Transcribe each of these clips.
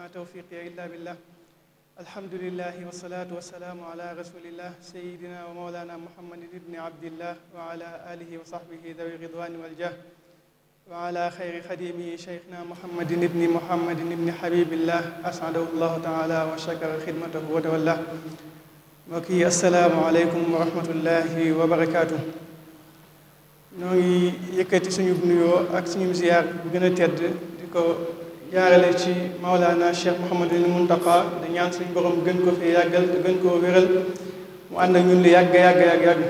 ma tawfiqi illa billah alhamdulillahi wasalaatu wasalaamu ala rasulillah sayidina wa mawlana muhammadin ibni abdillah wa ala alihi wa sahbihi dawi ridwani waljah wa ala xayri xadimihi cheikhna muhammadin ibni muhammadin ibni habibillah asadahu llahu taala wa shakara xidmatahu wa tawallah mbokk yi asalaamu aleykum wa rahmatullahi wa barakaatu noo ngi yëkkati suñu nuyoo ak suñu ziyaar bu gën a tedd di ko jaarale ci Maolana Cheikh Mouhamadul Muntaqa di ñaan suñu borom gën ko fi yàggal te gën koo wéral mu ànd ak ñun lu yàgg yàgg yàgg yàgg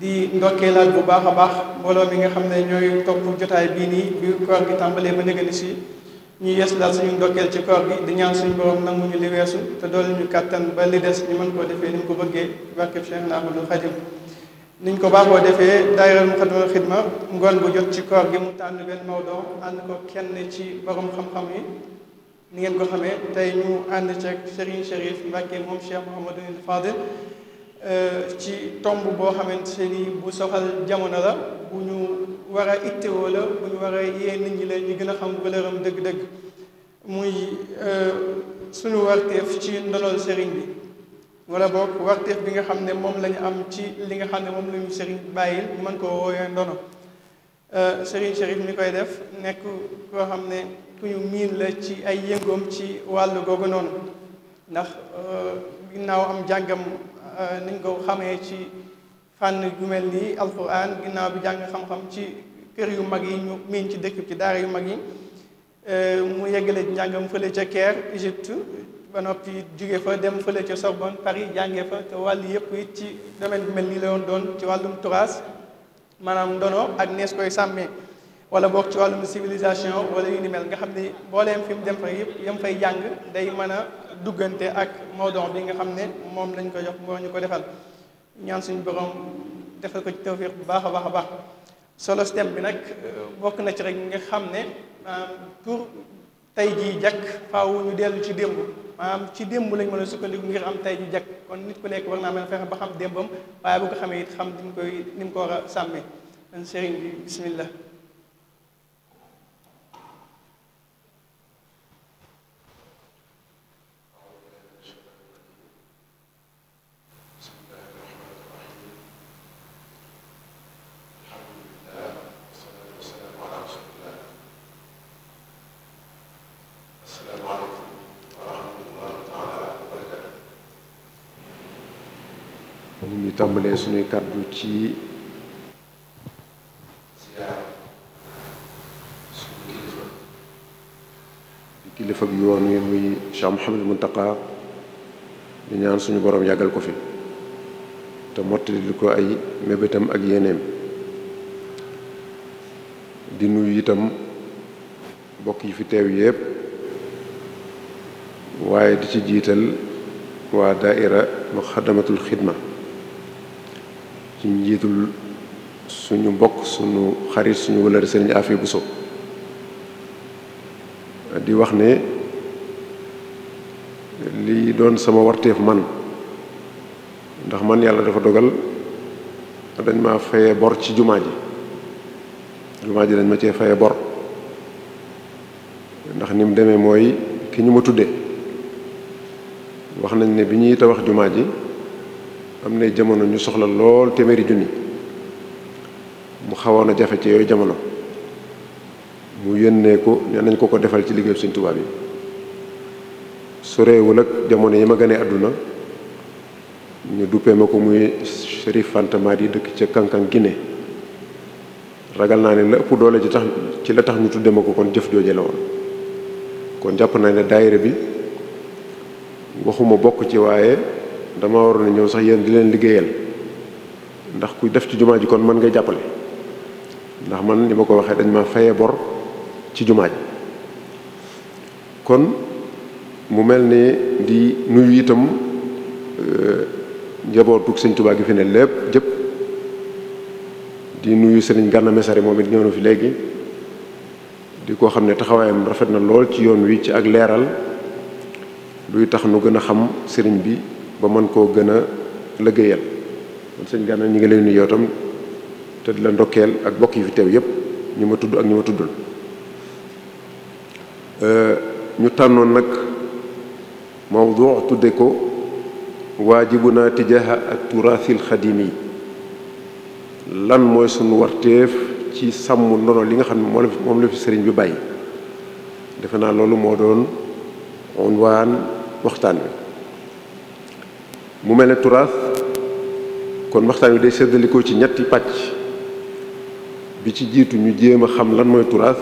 di ndokkeelaat bu baax a baax mbooloo mi nga xam ne ñooy topp jotaay bii nii bi koor gi tàmbalee ba négani si ñu yees daal suñu ndokkeel ci koor gi di ñaan suñu borom nangu ñu li weesu te doole ñu kàttan ba li des ñu man koo defee ni mu ko bëggee barkeb Cheikh Ahmadul Xadim niñ ko baaxoo defee daayira Muxaddamatul Xidma ngoon bu jot ci koor gi mu tànn benn mawdoo ànd ko kenn ci borom xam-xam yi ni ngeen ko xamee tey ñu ànd ceeg Serigne Chérif Mbacke moom Cheikh Mouhamadou Fadel euh, ci tomb boo xamante ni bu soxal jamono la bu ñu war a ittewoo la bu ñu war a yee nit ñi la ñu gën a xam valeuram dëgg-dëgg muy euh, suñu warteef ci ndonol Serigne bi wala boog warteef bi nga xam ne moom la am ci li nga xam ne moom la ñu sëriñ bàyyil ñu mën koo wooyee ndono euh, sëriñ sëriñ mi koy def nekk koo xam ne ku ñu miin la ci ay yëngoom ci wàll googu noonu ndax euh, ginnaaw am jàngam euh, niñ ko xamee ci fànn yu mel nii alquran ginnaaw bi jàng xam-xam ci kër yu mag yi ñu miin ci dëkk ci daara yu mag yi mu yeggale njàngam fële ca Caire ba noppi jóge fa dem fële ca Sorbonne Paris jànge fa te wàll yëpp it ci domaine bu mel nii la yoon doon ci wàllum turas maanaam dono ak nees koy sàmmee wala boog ci wàllum civilisation wala yu ni mel nga xam ne booleem fi mu dem fa yëpp yam fay jàng day mën a duggante ak mawdon bi nga xam ne moom lañ ko jox moo ñu ko defal ñaan suñ borom defal ko ci tawfiq bu baax a baax a baax solo thème bi nag euh, bokk na ci rek nga xam ne euh, pour tey jii jàkk faaw ñu dellu ci démb maanaam ci démb lañ mën a sukkandiku ngir am tey ju jag kon nit ku nekk war naa mën a fexe ba xam démbam waaye bu ko xamee it xam ni koy ni mu ko war a sàmmee kon sëriñ bi bismillah tàmbalee suñuy kàddu ci di kilifa yoon wi muy Cheikh Mouhamadul Muntaqa di ñaan suñu boroom yàggal ko fi te mottali li ko ay mébétam ak yeneen di nuyu itam mbokk yi fi teew yépp waaye di ci jiital waa daaira muxaddamatul xidma ci njiitul suñu mbokk suñu xarit suñu wëlëre sëriñ Afia Bousso di wax ne lii doon sama warteef man ndax man yàlla dafa dogal dañ ma faye bor ci jumaa ji jumaa ji dañ ma cee faye bor ndax ni mu demee mooy ki ñu ma tudde wax nañ ne bi ñuy wax jumaa ji am na jamono ñu soxla lool téeméeri junni mu xawoon a jafe ci yooyu jamono mu yónnee ko ne nañ ko ko defal ci liggéeyu Sëriñ yi bi soreewul ak jamono yi ma gënee àdduna ñu duppee ma ko muy Chérif Fanta Madi dëkk ca Kankan Guinée ragal naa ne la doole ci tax ci la tax ñu tudde ma ko kon jëf jooje la woon kon jàpp naa ne daayira bi waxuma bokk ci waaye dama waroon a ñëw sax yéen di leen liggéeyal ndax ku def ci jumaa ji kon man nga jàppale ndax man ni ma ko waxee dañ ma faye bor ci jumaa ji kon mu mel ni di nuyu itam euh, njabootug sëñ Tuubaa gi fi ne lépp jëpp di nuyu sëriñ Gana Messere moom it ñëw na fi léegi di ko xam ne taxawaayam rafet na lool ci yoon wi ci ak leeral luy tax nu gën a xam sëriñ bi ba mën koo gën a lëggéeyal kon sëñ Gana ñi ngi lay nuyoo tam te la ndokkeel ak bokk yi fi teew yëpp ñu ma tudd ak ñu ma tuddul euh, ñu tànnoon nag mawdu tudde ko waajibuna tijaaha ak turaasil xadimi lan mooy sunu warteef ci sàmm ndono li nga xam ne moom la fi sëriñ bi bàyyi defe naa loolu moo doon unwaan waxtaan wi mu mel ni turaas kon waxtaan wi day seddalikoo ci ñetti pàcc bi ci jiitu ñu jéem a xam lan mooy turaas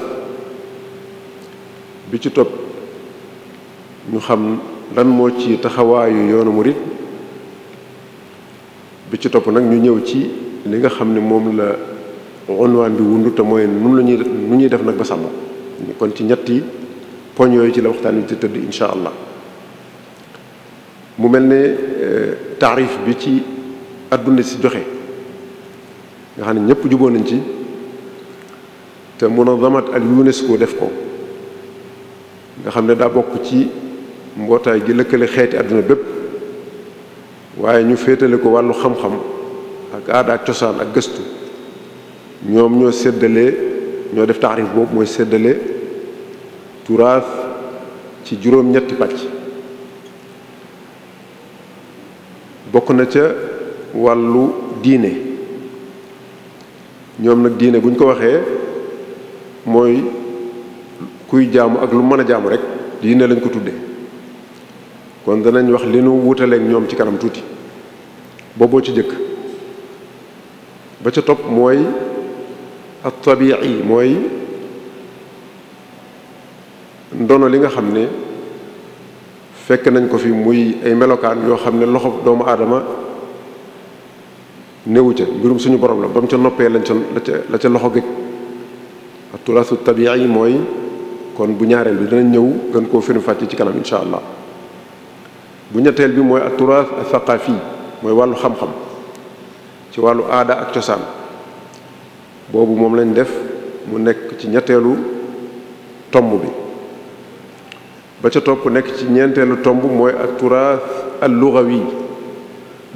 bi ci topp ñu xam lan moo ci taxawaayu yoonu murit bi ci topp nag ñu ñëw ci li nga xam ne moom la unwaan bi wundu te mooy la ñuy nu ñuy def nag ba sàmm kon ci ñetti poñ yooyu ci la waxtaan wi ci tëdd incha allah mu mel ne euh, taarif bi ci àdduna si joxe nga xam ne ñëpp juboo nañ ci te munazamat al UNESCO def ko nga xam ne daa bokk ci mbootaay gi lëkkale xeeti àdduna bépp waaye ñu féetale ko wàllu xam-xam ak aada ak cosaan ak gëstu ñoom ñoo seddale ñoo def taarif boobu mooy séddale turaas ci juróom-ñetti pàcc bokk na ca wàllu diine ñoom nag diine bu ñu ko waxee mooy kuy jaamu ak lu mën a jaamu rek diine lañ ko tudde kon danañ wax li nu wutaleek ñoom ci kanam tuuti booboo ci jëkk ba ca topp mooy at tabi'i mooy ndono li nga xam ne fekk nañ ko fi muy ay melokaan yoo xam ne loxo doomu aadama néewu ca mbirum suñu borom la ba mu ca noppee lañ ca la ca loxo gëj ak tulaasu tabiya yi mooy kon bu ñaareel bi danañ ñëw gën koo firim fàcc ci kanam incha allah bu ñetteel bi mooy ak turaas mooy wàllu xam-xam ci wàllu aada ak cosaan boobu moom lañ def mu nekk ci ñetteelu tomb bi ba ca topp nekk ci ñeenteelu tomb mooy ak turaas al lugawi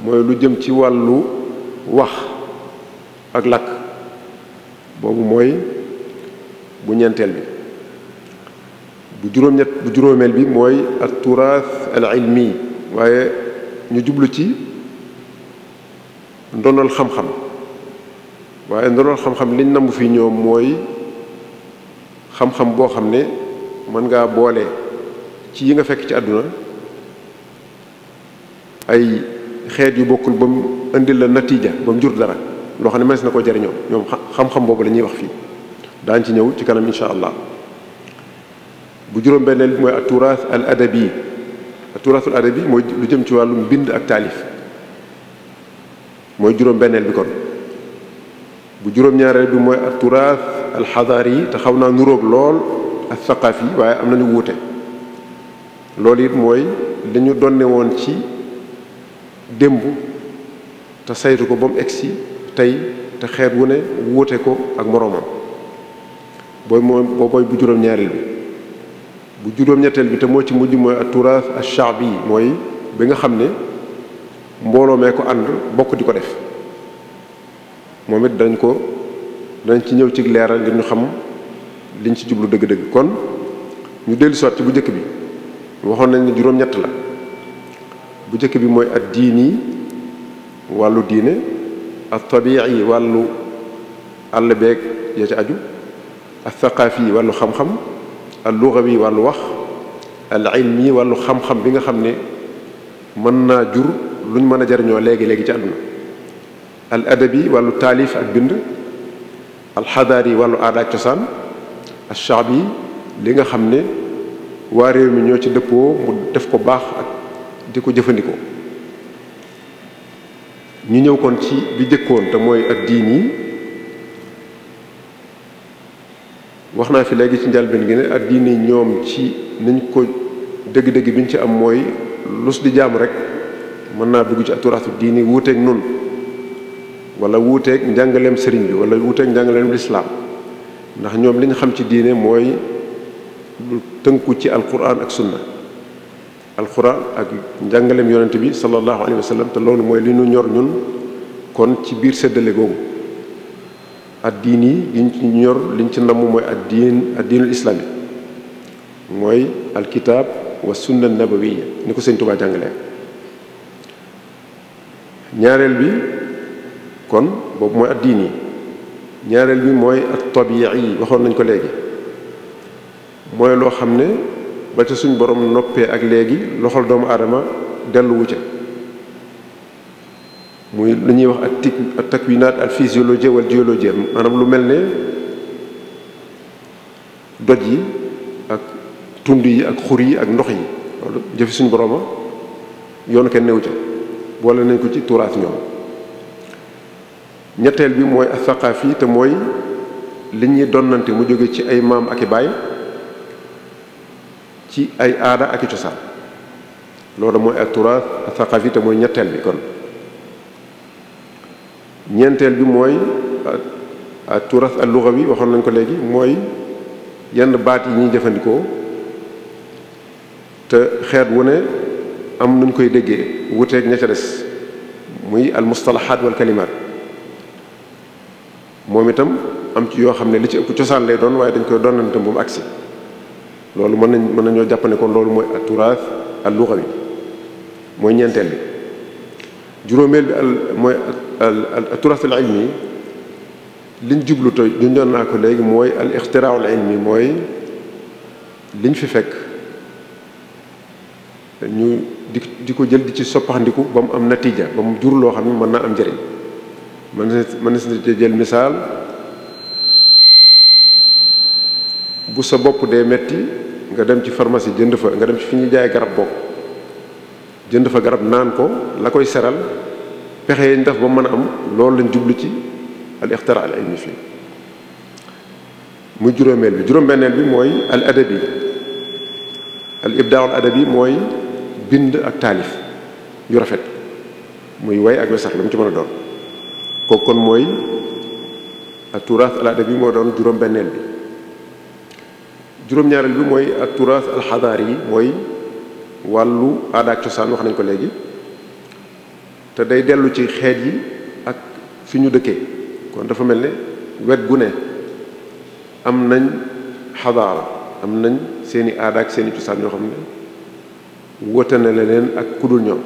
mooy lu jëm ci wàllu wax ak làkk boobu mooy bu ñeenteel bi bu juróom-ñett bu juróomeel bi mooy ak turaas al ilmi waaye ñu jublu ci ndonal xam-xam waaye ndonal xam-xam liñ namm fi ñoom mooy xam-xam boo xam ne mën ngaa boole ci yi nga fekk ci àdduna ay xeet yu bokkul ba mu indil la natiija ba mu jur dara loo xam ne mënees na ko jariñoo ñoom xam-xam boobu la wax fii daañ ci ñëw ci kanam insha allah bu juróom-benneel bi mooy aturaas al lu jëm ci wàllum bind ak taalif mooy juróom-benneel bu juróom bi mooy al xadaar yi te xaw naa nuróog lool ak saqaaf waaye am nañu wuute loolu it mooy dañu ñu donne woon ci démb te saytu ko ba mu egsi tey te xeet wu ne wuute ko ak moroomam booy mooy booy bu juróom-ñaareel bi bu juróom-ñetteel bi te moo ci mujj mooy aturaas ash-sha'bi mooy bi nga xam ne mbooloo mee ko ànd bokk di ko def moom it dañ ko dañ ci ñëw ci leeral ngir ñu xam liñ ci jublu dëgg-dëgg kon ñu dellu soit ci bu njëkk bi waxoon nañ ne juróom-ñett la bu jëkk bi mooy ad diini wàllu diine at tabi'i wàllu àll beeg ya ci aju al thaqaafi wàllu xam-xam al lugawi wàllu wax al ilmi wàllu xam-xam bi nga xam ne mën naa jur luñ mën a jariñoo léegi léegi ci àdduna al adabi wàllu taalif ak bind al xadaari wàllu aada ak cosaan al shaabi li nga xam ne waa réew mi ñoo ci dëppoo mu def ko baax ak di ko jëfandikoo ñu ñëw kon ci bi jëkkoon te mooy ak diin wax naa fi léegi ci njalbeen gi ne ak diin ñoom ci niñ ko dëgg-dëgg biñ ci am mooy lus di jaam rek mën naa dugg ci aturaatu diini wuuteeg nun wala wuuteeg njàngaleem sëriñ bi wala wuuteeg njàngaleem lislaam ndax ñoom li xam ci diine mooy tënku ci alquran ak sunna alquran ak njàngaleem yonent bi sallallahu alayhi wa te loolu mooy li ñu ñor ñun kon ci biir séddale googu addiin yi liñ ci ñor liñ ci namm mooy addiin addiinul islami mooy alkitab wa sunna nabawiya ni ko sëñ Tuubaa jàngalee ñaareel bi kon boobu mooy addiin yi ñaareel bi mooy at tabi'i waxoon nañ ko léegi mooy loo xam ne ba ca suñ borom noppee ak léegi loxol doomu aadama delluwu ca muy lu ñuy wax ak tik ak takwinaat al physiologie wala géologie maanaam lu mel ne doj yi ak tund yi ak xur yi ak ndox yi loolu jëfi suñ borooma yoonu kenn newu ca boole nañ ko ci tuuraas ñoom ñetteel bi mooy asaqaaf yi te mooy li ñuy donnante mu jóge ci ay maam ak i baay ci ay aada ak cosaan loolu mooy ak turaas saqafi te mooy ñetteel bi kon ñeenteel bi mooy ak turas al lugawi waxoon nañ ko léegi mooy yenn baat yi ñuy jëfandikoo te xeet wu ne am nuñ koy déggee wuteeg ña ca des muy al mustalahaat wal kalimaat moom itam am ci yoo xam ne li ci ëpp cosaan lay doon waaye dañ koy doonante moom agsi loolu mën nañ mën nañoo jàpp loolu mooy aturaas al luxawi mooy ñeenteel bi juróomeel bi al mooy aturaas al ilmi liñ jublu te junjoon naa ko léegi mooy al ixtiraaw al mooy liñ fi fekk ñu di ko jël di ci soppaxandiku ba mu am natiija ba mu jur loo xam ne mën naa am njëriñ mën na mën na jël misaal bu sa bopp dee metti nga dem ci farmasi jënd fa nga dem ci fi ñuy jaay garab bokk jënd fa garab naan ko la koy seral pexe yi ñu def ba mën a am loolu lañ jublu ci al ixtira al ilmi fii muy juróomeel bi juróom-benneel bi mooy al adabi al mooy bind ak taalif yu rafet muy way ak wesax la mu ci mën a doon kooku kon mooy al turaas al adabi moo doon juróom-benneel bi juróom-ñaareel bi mooy ak turaas alxadaar yi mooy wàllu aada ak cosaan wax nañ ko léegi te day dellu ci xeet yi ak fi ñu dëkkee kon dafa mel ne wet gu ne am nañ xadaara am nañ seeni aada seeni cosaan yoo xam ne wote na leneen ak kudul ñoom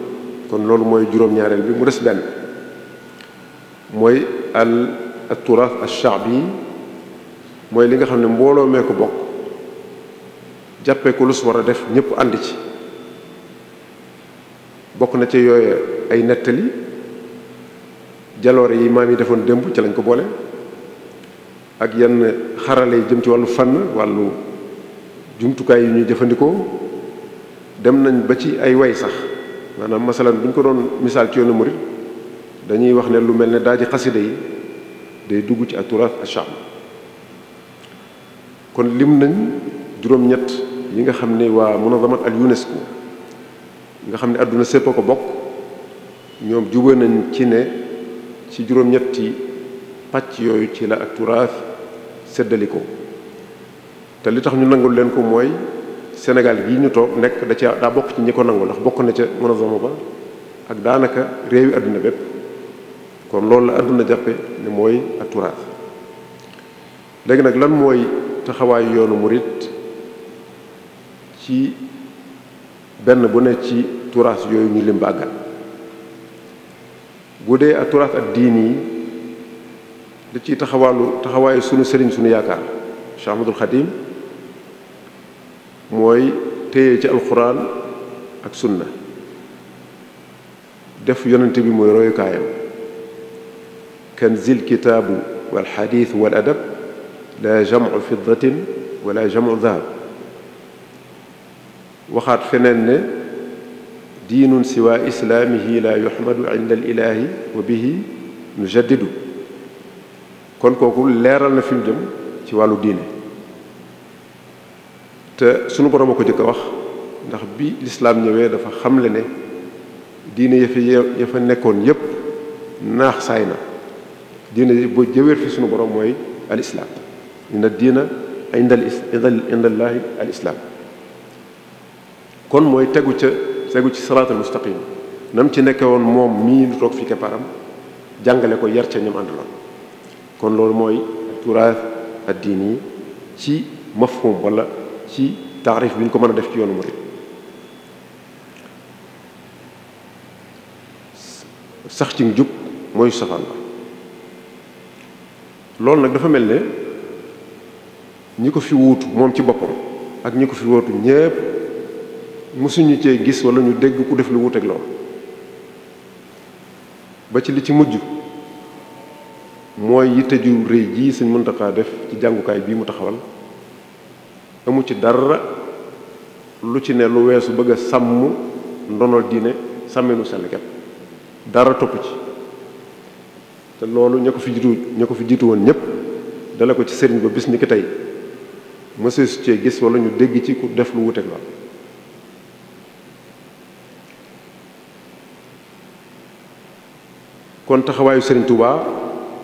kon loolu mooy juróom-ñaareel bi mu des benn mooy al turaas al shaabi mooy li nga xam ne mbooloo mee ko bokk jàppee ko lu su war a def ñëpp ànd ci bokk na ci yooyu ay nettali jaloore yi maam yi defoon démb ci lañ ko boole ak yenn xarale yi jëm ci wàllu fànn wàllu jumtukaay yu ñuy jëfandikoo dem nañ ba ci ay way sax maanaam masalan bu ñu ko doon misaal ci yoonu murit dañuy wax ne lu mel ne daaji xasida yi day dugg ci aturaaf acham kon lim nañ juróom-ñett yi nga xam ne waa munazamat al UNESCO nga xam ne àdduna sépp a ko bokk ñoom jubóo nañ ci ne ci juróom-ñetti pàcc yooyu ci la ak turaas séddaliko te li tax ñu nangul leen ko mooy Sénégal gii ñu toog nekk da ca daa bokk ci ñi ko nangu ndax bokk na ca munazama ba ak daanaka réewi àdduna bépp kon loolu la àdduna jàppe ne mooy ak turaas léegi nag lan mooy taxawaayu yoonu murit ci benn bu ne ci turaas yooyu ñu lim bàggat bu dee ak turaas ak diin yi da ciy taxawaalu taxawaayu sunu sëriñ sunu yaakaar Cheikh mooy téye ci alxuraan ak sunna def yonent bi mooy royukaayam kanzil kitaabu wal xadiis wal adab la jamu fiddatin wala jamu dahab waxaat feneen ne diinun siwa islaamihi la yuhmadu inda al ilaahi wa bihi nujaddidu kon kooku leeral na fi mu jëm ci wàllu diine te sunu borom a ko jëkk wax ndax bi lislaam ñëwee dafa xamle ne diine ya fa ya fa nekkoon yépp naax saay na diine bu jëwéer fi suñu borom mooy al islaam inna diina inda indallaahi al islaam kon mooy tegu ca tegu ci siraatal mustaqim nam ci nekke woon moom mii lu toog fi keppaaram jàngale ko yar ca ñoom la kon loolu mooy turaas addiin yi ci mafhum wala ci taarif bi ñu ko mën a def ci yoonu murid sax ci mooy safaan la loolu nag dafa mel ne ñi ko fi wuutu moom ci boppam ak ñi ko fi wuutu ñépp mësuñu cee gis wala ñu dégg ku def lu wuteeg lool ba ci li ci mujj mooy yitte ju rëy jii Sëñ Muntaxa def ci jàngukaay bii mu taxawal mu ci dara lu ci ne lu weesu bëgg a sàmm ndonol diine sàmminu sellkat dara topp ci te loolu ña ko fi jiitu ña ko fi jiitu woon ñëpp dale ko ci sëriñ ba bis ni ki tey mëseesu cee gis wala ñu dégg ci ku def lu wuteeg lool kon taxawaayu Serigne Touba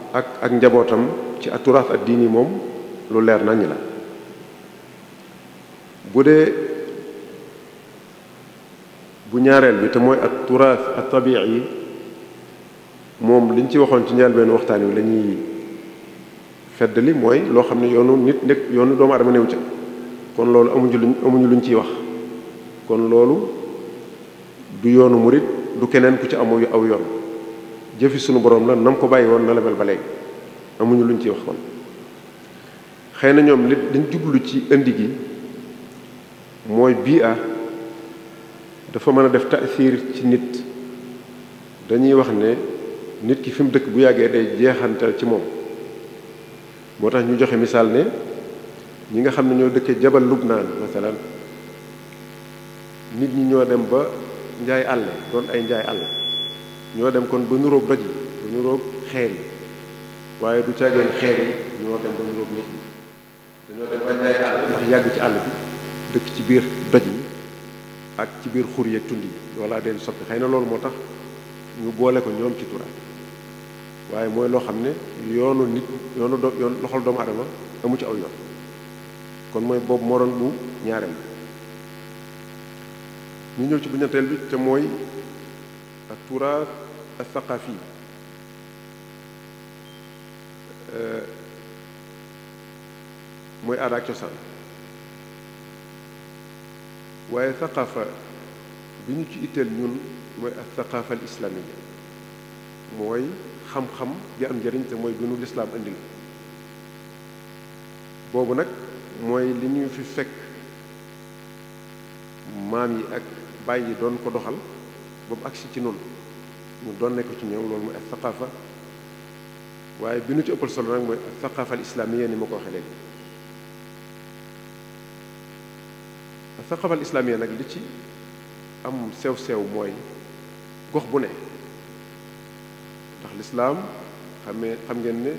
ak ak njabootam ci aturaaf ak diini moom lu leer nañ la bu dee bu ñaareel bi te mooy aturaaf at tabii yi moom liñ ci waxoon ci njëlbéenu waxtaan wi lañuy ñuy li mooy loo xam ne yoonu nit nekk yoonu doomu aadama néew ca kon loolu amuñu luñ amuñu luñ ciy wax kon loolu du yoonu murit du keneen ku ci amu aw yoon jëfi sunu borom la nam ko bàyyi woon na la ba léegi amuñu luñ ciy wax kon xëy na ñoom li dañ jublu ci indi gi mooy bii a dafa mën a def taasiir ci nit dañuy wax ne nit ki fi mu dëkk bu yàggee day jeexantal ci moom moo tax ñu joxe misaal ne ñi nga xam ne ñoo dëkkee jabar lug Lubnaan masalan nit ñi ñoo dem ba njaay àll doon ay njaay àll ñoo dem kon ba nuróog doj yi ba nuróog xeer yi waaye du caageen xeer yi ñoo dem ba nuróog nit ñi dañoo dem bañ lay àll ndax yàgg ci àll bi dëkk ci biir doj yi ak ci biir xur yeeg tund yi walla deen soppi xëy na loolu moo tax ñu boole ñoom ci turaat mooy loo xam ne yoonu nit yoonu do yoon loxol doomu adama amu ci aw yoon kon mooy boobu moo doon bu ñaareel ñu ñëw ci bu bi te mooy turaat الثقافي mooy aada cosaan waaye thaqaafa bi ñu ci itteel ñun mooy ak thaqaafa al islaamiyya mooy xam-xam bi am njëriñ te mooy bi nu lislaam indil boobu nag mooy li ñu fi fekk maam yi ak bàyyi doon ko doxal ba agsi ci noonu mu doon nekk ci ñoom loolu mooy ak thaqafa waaye bi nu ci ëppal solo nag mooy ak thaqafa al islamiyya ni ma ko waxee léegi ak thaqafa al islamiyya nag li ci am sew-sew mooy gox bu ne ndax lislaam xamee xam ngeen ne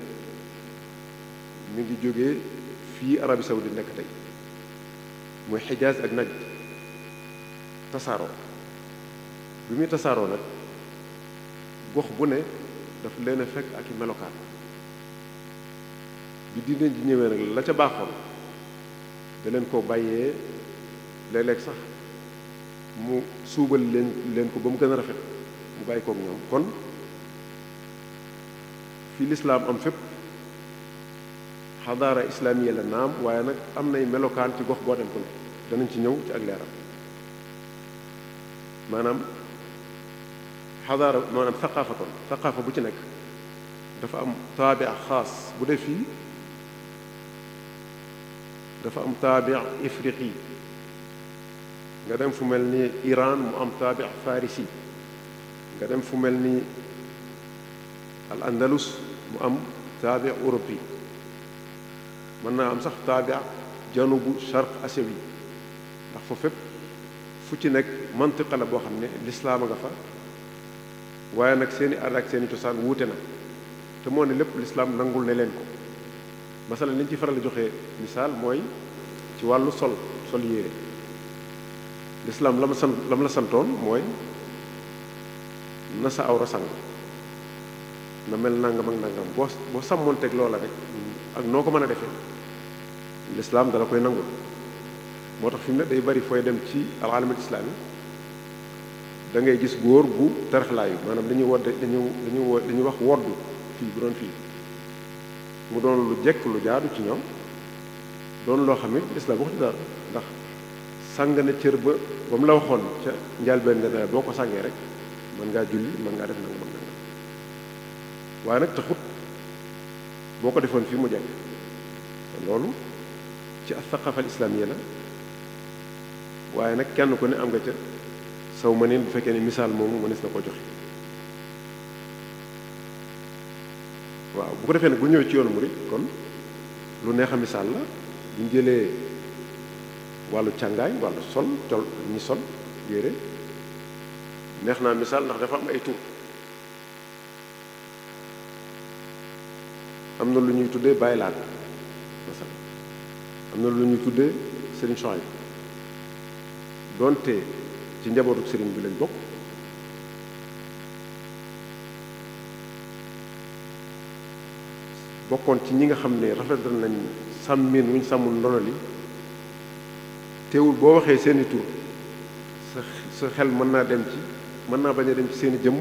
mi ngi jóge fii Arabie Saoudite nekk tey mooy Hijaaz ak Najd tasaaroo bi muy tasaaroo nag gox bu ne daf leen fekk ak i melokaan bi diine ji ñëwee nag la ca baaxoon daleen koo ko bàyyee léeg-léeg sax mu suubal leen leen ko ba mu gën a rafet mu bàyyi kook ñoom kon fi lislaam am fépp xadaara islaamiya la naam waaye nag am nay melokaan ci gox boo dem ko ne danañ ci ñëw ci ak leeram maanaam xadaara maanaam saqaafatun saqaafa bu ci nekk dafa am taabia xaas bu dee fii dafa am taabia ifriqi nga dem fu mel ni Iran mu am taabia farisi nga dem fu mel ni al andalus mu am taabia europi mën naa am sax taabia janubu sharq asawi ndax fa fépp fu ci nekk mantiqa la boo xam ne lislaama nga fa waaye nag seeni aada seeni cosaan wuute na te moo ne lépp lislaam nangul ne leen ko masala liñ ci faral joxe misaal mooy ci wàllu sol sol yére lislaam la ma sant la ma la santoon mooy na sa awra sang na mel nangam ak nangam boo boo sàmmoonteeg loola rek ak noo ko mën a defe lislaam dala koy nangul moo tax fi mu ne day bari fooy dem ci al alamat islaami da ngay gis góor gu tarxlaayu maanaam dañuy wodd dañu dañu dañuy wax woddu fii bu doon fii mu doon lu jekk lu jaadu ci ñoom doon loo xam ne islam wax dara ndax sàng na cër ba ba mu la waxoon ca njalbeen nga ne boo ko sàngee rek mën ngaa julli mën ngaa def nanga mën nanga waaye nag taxut boo ko defoon fii mu jekk loolu ci asaqafa al islamiyya la waaye nag kenn ku ne am nga ca saw ma neen bu fekkee ne misaal moomu mënees na ko joxe waaw bu ko defee nag bu ñëwee ci yoonu murid kon lu neex a misaal la bu ñu jëlee wàllu càngaay wàllu sol col ñi sol yére neex naa misaal ndax dafa am ay tur am na lu ñuy tuddee bàyyi laat masal am na lu ñuy tuddee sëriñ Soxay doonte ci njabootu sëriñ bi lañ bokk bokkoon ci ñi nga xam ne rafetal nañ sàmmin wuñ sàmmul ndono li teewul boo waxee seeni tur sa sa xel mën naa dem ci mën naa bañ a dem ci seeni jëmm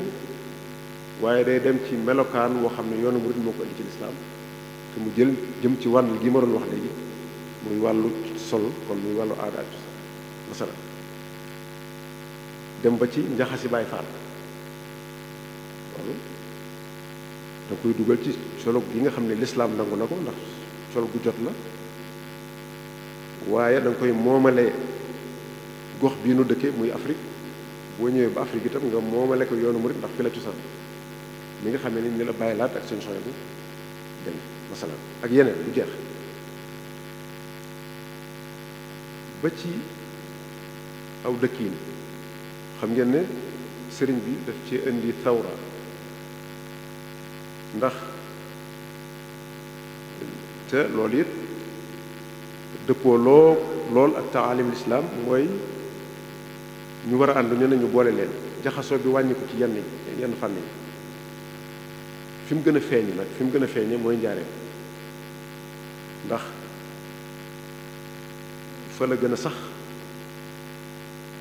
waaye day dem ci melokaan woo xam ne yoonu murid moo ko indi ci lislaam te mu jël jëm ci wàll gi ma doon wax léegi muy wàllu sol kon muy wàllu aada ak masala dem ba ci njaxasi Baay Faal loolu koy dugal ci solo gi nga xam ne lislaam nangu na ko ndax solo gu jot la waaye da koy moomale gox bii nu dëkkee muy Afrique boo ñëwee ba Afrique itam nga moomale ko yoonu murit ndax fi la mi nga xam ne ni la bàyyi laat ak seen soxla bi dem masalan ak yeneen bu jeex ba ci aw dëkkiin xam ngeen ne sëriñ bi daf ci indi sawra ndax te loolu it dëppoo loo lool ak taalim lislaam mooy ñu war a ànd nee ñu boole leen jaxasoo bi wàññiku ci yenn yenn fànn yi fi mu gën a feeñ nag fi mu gën a feeñe mooy njaareem ndax fa la gën a sax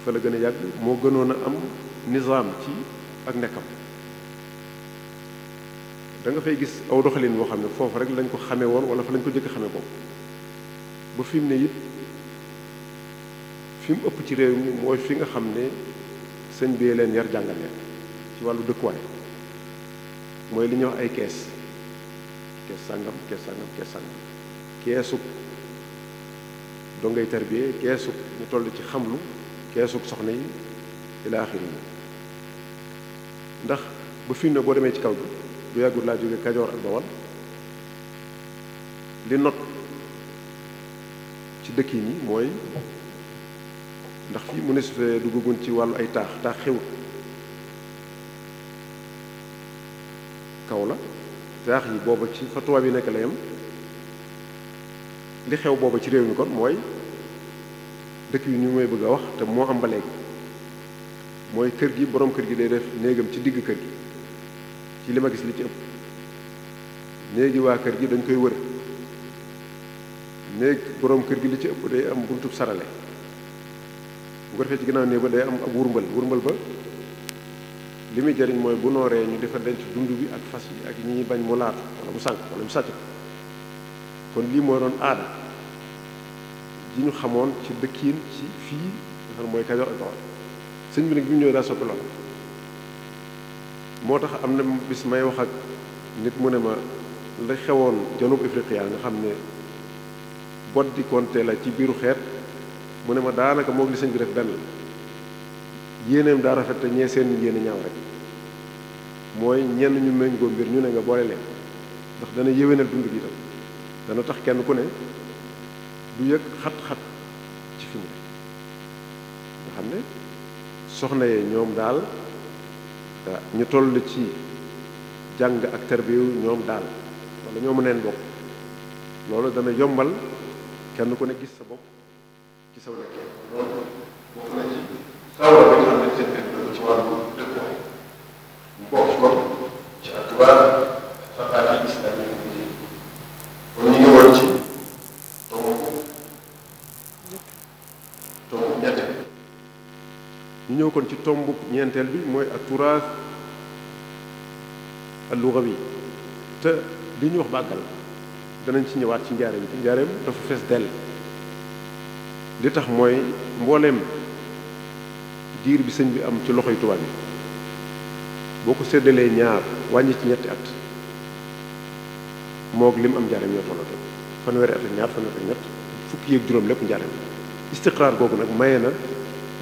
fa la gën a yàgg moo gënoon a am nizaam ci ak nekkam da fay gis aw doxalin boo xam ne foofu rek lañ ko xame woon wala fa lañ ko jëkk xamee boobu ba fi mu ne it fi ëpp ci réew mi mooy fi nga xam ne sëñ bee leen yar jàngal ci wàllu dëkkuwaay mooy li ñuy wax ay kees kees sàngam kees sàngam kees sàngam keesub doo ngay tarbiyee keesub ñu toll ci xamlu keesug soxna yi ilaaxiri ndax bu fi boo demee ci kaw gi bu yàggul laa jóge kajoor ak bawal li not ci dëkk yi mooy ndax fii mu ne su fee duggagun ci wàll ay taax taax xewut kaw la taax yi booba ci fa tubaab yi nekk la yam li xew booba ci réew mi kon mooy dëkk bi ñu ngi may bëgg a wax te moo am ba léegi mooy kër gi boroom kër gi day def néegam ci digg kër gi ci li ma gis li ci ëpp néegi waa kër gi dañ koy wër néeg boroom kër gi li ci ëpp day am buntub sarale bu ko defee ci ginnaaw néeg ba day am ab wurmbal wurmbal ba li muy jariñ mooy bu nooree ñu defa denc dund bi ak fas yi ak ñi bañ mu laatu wala mu sànq wala mu sàcc ko kon lii moo doon aada ji ñu xamoon ci dëkkiin ci fii nga xam mooy Kajoor ak Bawol sëñ bi nag bi mu ñëwee daa soppi lool moo tax am na bis may wax ak nit mu ne ma la xewoon janub Ifriqiya nga xam ne boddi konte la ci biiru xeet mu ne ma daanaka moog li sëñ bi def benn la yéeneem daa rafet te ñee seen yéene ñaaw rek mooy ñenn ñu méngoo mbir ñu ne nga boole leen ndax dana yéwénal dund gi tam dana tax kenn ku ne du yëg xat-xat ci fi mu ne xam ne soxna yi ñoom daal ah, ñu toll ci jàng ak tarbiyu ñoom daal wala ñoo mëneen bopp loolu dana yombal kenn ku ne gis sa bopp ci saw nekk loolu bokk na ci sawar bi nga ci wàllu dëkkuwaay mu ko ci ak kon ci tomb ñeenteel bi mooy ak turaas allugawi te li ñuy wax bàggal danañ ci ñëwaat ci njaareem bi njaareem dafa fees dell li tax mooy mbooleem diir bi sëñ bi am ci loxoy tubaab yi boo ko séddalee ñaar wàññi ci ñetti at moog lim am njaareem ñoo tolloo fanweeri at ak ñaar fanweeri ak ñett fukki yeeg juróom lépp njaareem istiqraar googu nag maye na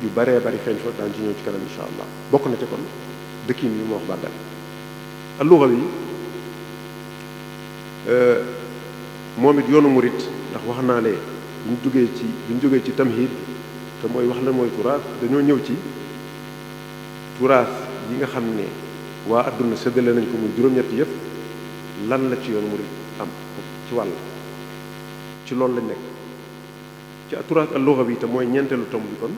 yu baree bari feeñ fa daan ci ñëw ci kanam insha allah bokk na ci kon dëkkin yi ma wax bàddal alluxa bi euh, moom it yoonu murit ndax wax naa lee buñ jógee ci buñ jógee ci tamhid te mooy wax la mooy turaas dañoo ñëw ci turaas yi nga xam ne waa adduna séddale nañ ko muy juróom-ñett yëpp lan la ci yoonu murit am ci wàll ci loolu lañ nekk ci turaas alluxa te mooy ñeenteelu tomb bi kon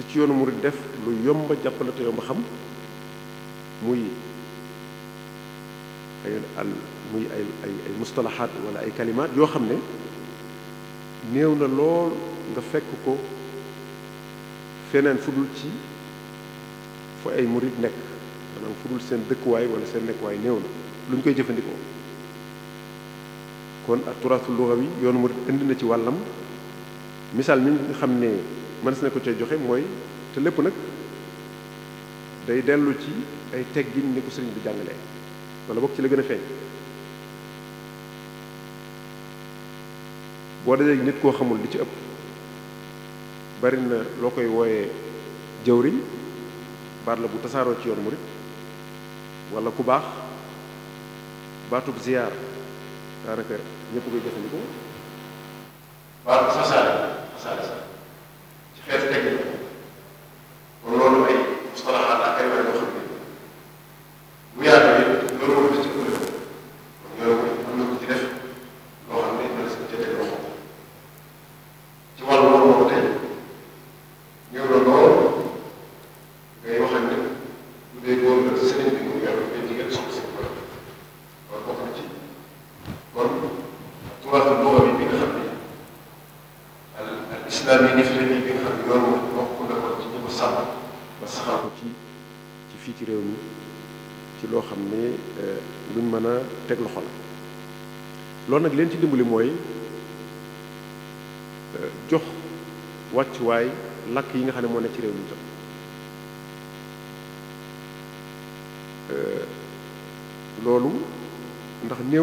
li ci yoonu murid def lu yomba jàppale yomba xam muy ay ay ay ay wala ay kalimaat yoo xam ne néew na lool nga fekk ko feneen fu dul ci fu ay murid nekk maanaam fu dul seen dëkkuwaay wala seen nekkuwaay néew na luñ koy jëfandikoo kon ak turaasu lugawi yoonu murid indi na ci wàllam misaal mi nga xam ne mën si na ko cee joxe mooy te lépp nag day dellu ci ay teggin ni ko sëriñ bi jàngalee wala bokk ci la gën a feeñ boo dajee nit koo xamul li ci ëpp bari na loo koy wooyee jëwriñ baat la bu tasaaroo ci yoon murit wala ku baax baatub ziyaar daanaka ñëpp koy jëfandikoo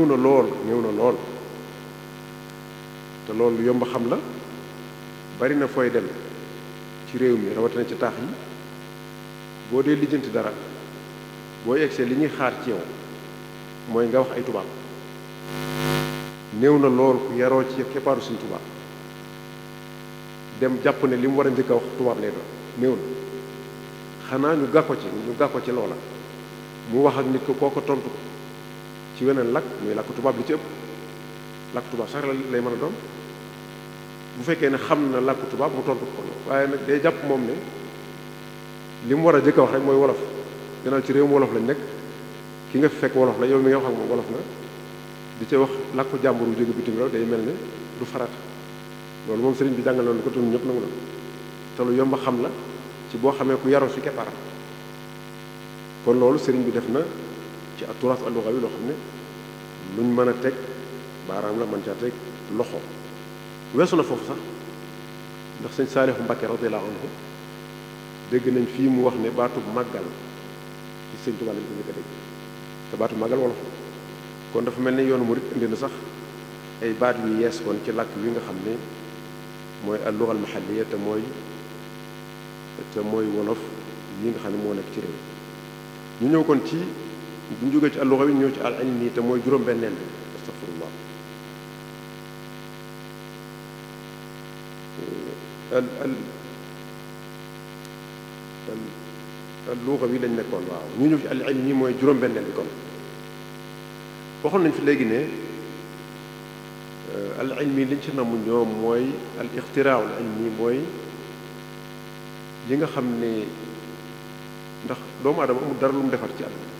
na lool néew na lool te loolu yomb xam la bari na fooy dem ci réew mi rawatina ci taax yi boo dee lijjanti dara boo egsee li ñuy xaar ci yow mooy nga wax ay tubaab néew na lool ku yaroo ci keppaaru suñu tubaab dem jàpp ne li mu war a njëkk a wax tubaab lay doon néew na xanaa ñu gàkko ci ñu gàkko ci loola mu wax ak nit ko kooko tontu ko ci weneen lakk muy lakk tubaab li ci ëpp lakk tubaab sax lay mën a doon bu fekkee ne xam na làkk tubaab mu tontu nag day jàpp moom ne li mu war a jëkk wax rek mooy wolof gannaaw ci réewum wolof lañ nekk ki nga fekk wolof la yow mi nga wax ak di ca wax làkku jàmbur bu jóge bitim day mel ne du farata loolu moom sëriñ bi jàngal na ko tun ñëpp nangu xam la ci boo xamee ku yaroo fi kon loolu sëriñ bi def na ci aturaas alluxa yi loo xam ne luñ mën a teg baaraam la mën caa loxo weesu na foofu sax ndax sëñ Saalihu Mbàkke radiyallaahu anhu dégg nañ fii mu wax ne baatu màggal ci sëñ Tuubaa lañ ko kon dafa mel ne yoonu murit indi na sax ay baat yu yees kon ci làkk wi nga xam ne mooy alluxa almahalliya te mooy te mooy wolof yi nga xam ne moo nekk ci réew ñu ñëw kon ci bu ñu jógee ci alluxa bi ñëw ci al ilmi te mooy juróom-benneel bi astafirullah al al bi lañ nekkoon waaw ñu ñëw ci al ilmi mooy juróom-benneel bi kon waxoon nañ fi léegi ne al euh, ilmi liñ ci namu ñoom mooy al ixtiraaw al ilmi mooy li nga xam ne ndax doomu aadama amul dara lu mu defar ci àdduna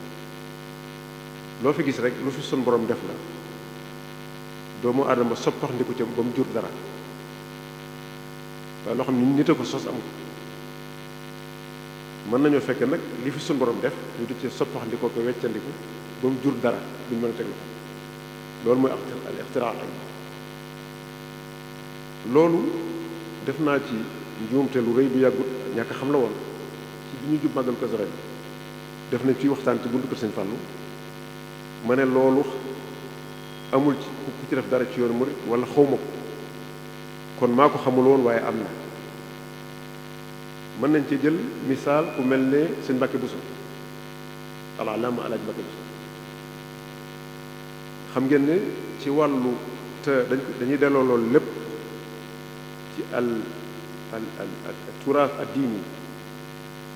loo fi gis rek lu fi sun borom def la doomu aadama soppax ndiku ca ba jur dara waaye loo xam ne nit a ko sos am mën nañoo fekk nag li fi sun borom def ñu di ci soppax ndiko ko weccandiku ba jur dara duñ mën a teg la loolu mooy al loolu def naa ci njuumte lu rëy bu yàggut ñàkk xam la woon ci bi ñu jub màggal Kazu Rajab def nañ ciy waxtaan ci buntu ko Sëñ Fàllu ma ne loolu amul ci ku ci def dara ci yoonu murit wala xawma ko kon maa ko xamul waaye am na mën nañ ci jël misaal ku mel ne seen Mbàkke Buso alaalaama alaaj Mbàkke xam ngeen ne ci wàllu te dañ dañuy delloo loolu lépp ci al al al al turaas addiin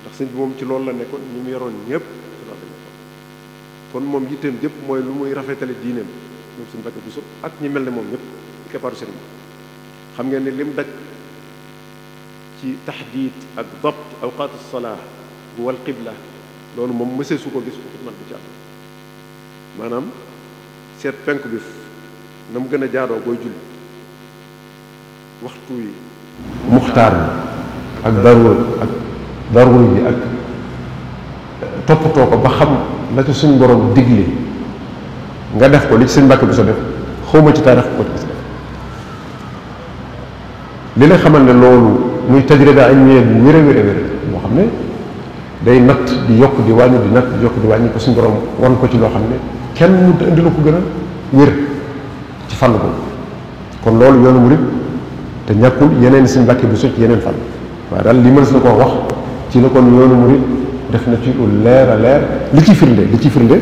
ndax sëñ bi ci loolu la nekkoon ñi mu yoroon ñëpp kon moom yitteem yépp mooy lu muy rafetale diineem moom suñu Mbàkke Buso ak ñi mel ne moom ñëpp ci keppaaru sëriñ xam ngeen ne lim dakk ci taxdiit ak dabt awqaatu salaa wal qibla loolu moom mësee su ko gis man bu ci am maanaam seet penk na mu gën a jaaroo booy julli waxtu yi muxtaar bi ak darur ak darur bi ak toppatoo ko ba xam la ca suñ borom digle nga def ko li ci sëñ Mbàkke bu sa def xawma ci taarix ko ci li la xamal ne loolu muy tajriba ay ñeeg bu wér moo xam ne day natt di yokk di wàññi di natt di yokk di wàññi ko suñ borom wan ko ci loo xam ne kenn mënut a lu ko gën a wér ci fànn ko kon loolu yoonu murit te ñàkkul yeneen sëñ Mbàkke bu sa ci yeneen fànn waaye daal li mën na koo wax ci la kon yoonu murit def na ci lu leer a leer li ci firnde li ci firnde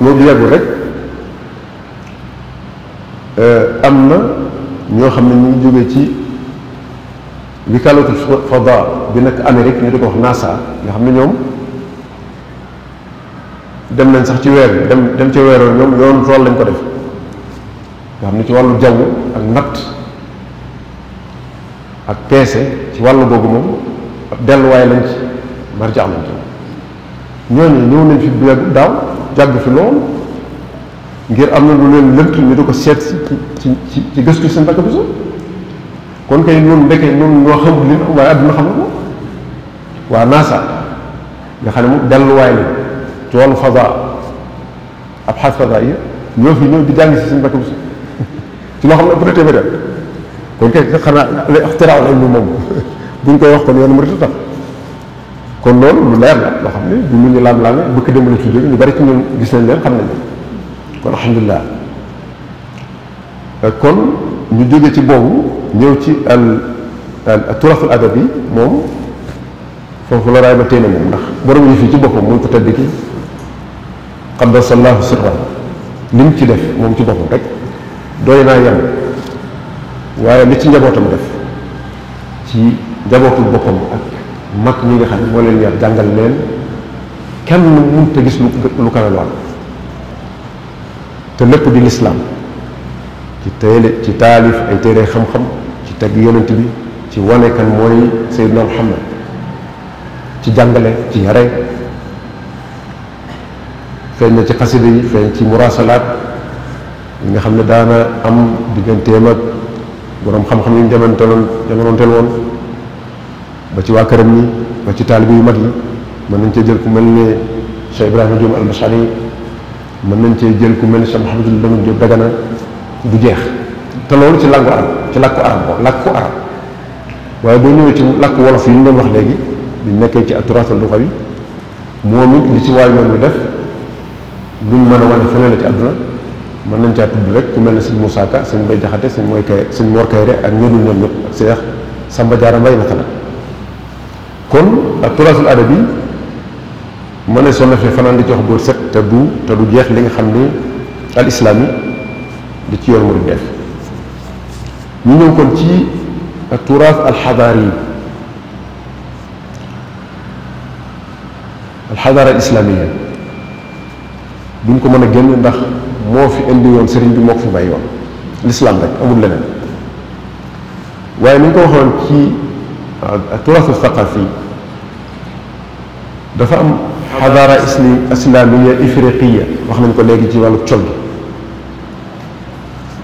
moom yàggul rek euh, am na ñoo xam ne ñu ngi jógee ci wikalatul fada bi nekk Amérique ñu nga xam ne ñoom dem nañ sax ci weer bi dem dem ci weeroo ñoom yoon tool lañ ko def nga xam ne ci wàllu jaww ak natt ak peese ci wàll boogu moom ab delluwaay lañ ci marjax nañ ci ñooñu ñëw nañ fi beegu daaw fi lool ngir am na lu leen lënt ñu di ko seet si ci ci ci gëstu seen bakka bisu kon kay noonu ndekkee noonu ñoo xamul li waaye adduna xam na waa NASA nga xam ne moom delluwaay la ci wàllu ab xaas fasa yi ñoo fi ñëw di jàng si seen bakka bisu ci loo xam ne peut-être kon kay xanaa lay ixtiraaw la ñu moom buñ koy wax kon yoonu mu rita kon loolu lu leer la loo xam ne du lu ñu laam-laame bëkk dem la ci jóg ñu bari ci ñoom gis nañ leen xam nañ kon alhamdulilah euh, kon ñu jóge ci boobu ñëw ci al al turaful adabi ba téene moom ndax borom yi fii ci boppam moom ko tëdd ki qaddasallahu sirra li ci def moom ci boppam rek doy naa yem waaye li ci njabootam def ci njabootul boppam ak mag ñu nga xam ne moo leen yar jàngal leen kenn mënut a gis lu lu lool te lépp di lislaam ci téere ci taalif ay téere xam-xam ci teg yonent bi ci wane kan mooy Seydina Muhammad ci jàngale ci yare feeñ na ci xasida yi feeñ ci murasalaat yi nga xam ne daana am digganteem ak boroom xam-xam yi ñu jamononteel woon ba ci waa këram ñi ba ci taalibe yu mag yi mën nañ cee jël ku mel ni Cheikh Ibrahima Diop al mën nañ cee jël ku mel ne Cheikh Mouhamadul Lamine Dagana du jeex te loolu ci làngu arab ci làkku arab bo làkku arab waaye boo ñëwee ci làkku wolof yi ñu doon wax léegi ñu nekkee ci aturaat al-luxawi moom it li ci waay yoon wi def luñ mën a wane ne la ci àdduna mën nañ caa tudd rek ku mel ne sëñ Moussa Ka sëñ Bay Jaxate sëñ Mooy Kay sëñ Mor Kayre ak ñeneen ñoom ñëpp ak Cheikh Samba Diarra Mbaye matala kon ak turaasul adabi ma ne soon na fanaan di ci wax bët set te du te du jeex li nga xam ni al islaam yi ci yoon murid def ñu ñëw kon ci ak turaas alxadaari yi alxadaara al islaamiya duñ ko mën a génn ndax moo fi indi woon sëriñ bi moo ko fi bàyyi woon lislaam rek amul leneen waaye ni ñu ko waxoon ci turas althaqafi dafa am xadaara islaamiya ifriqiya wax nañ ko léegi ci wàllu col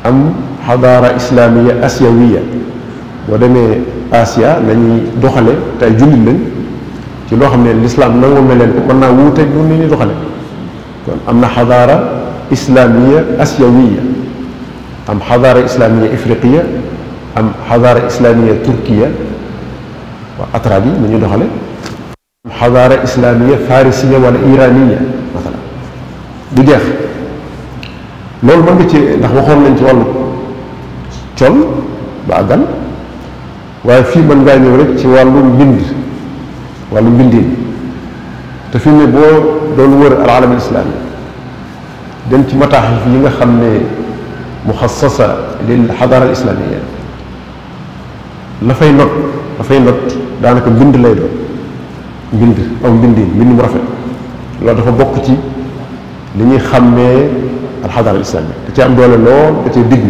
am xadaara islaamiya asiawiya boo demee asia la ñuy doxale te ay jullit lañ ci loo xam ne lislaam nangu na leen ko mën naa wuute nun ni ñuy doxale kon am na xadaara islaamiya asiawiya am xadaara islaamiya ifriqiya am xadaara islaamiya turkiya waa atraab yi nu ñu doxale xadaara islaamiya farisiya wala iraniya masalan du jeex loolu mën nga ci ndax waxoon nañ ci wàllu col ba àggal waaye fii mën ngaa ñëw rek ci wàllu mbind wàllu mbindin te fi ne boo doon wër al alam al dem ci mataaxif yi nga xam ne muxassasa lil xadaara al islamiya la fay not dafay lot daanaka mbind lay doon mbind aw mbindin mbind mu rafet loolu dafa bokk ci li ñuy xàmmee alxadara islami da ci am doole lool da cee digg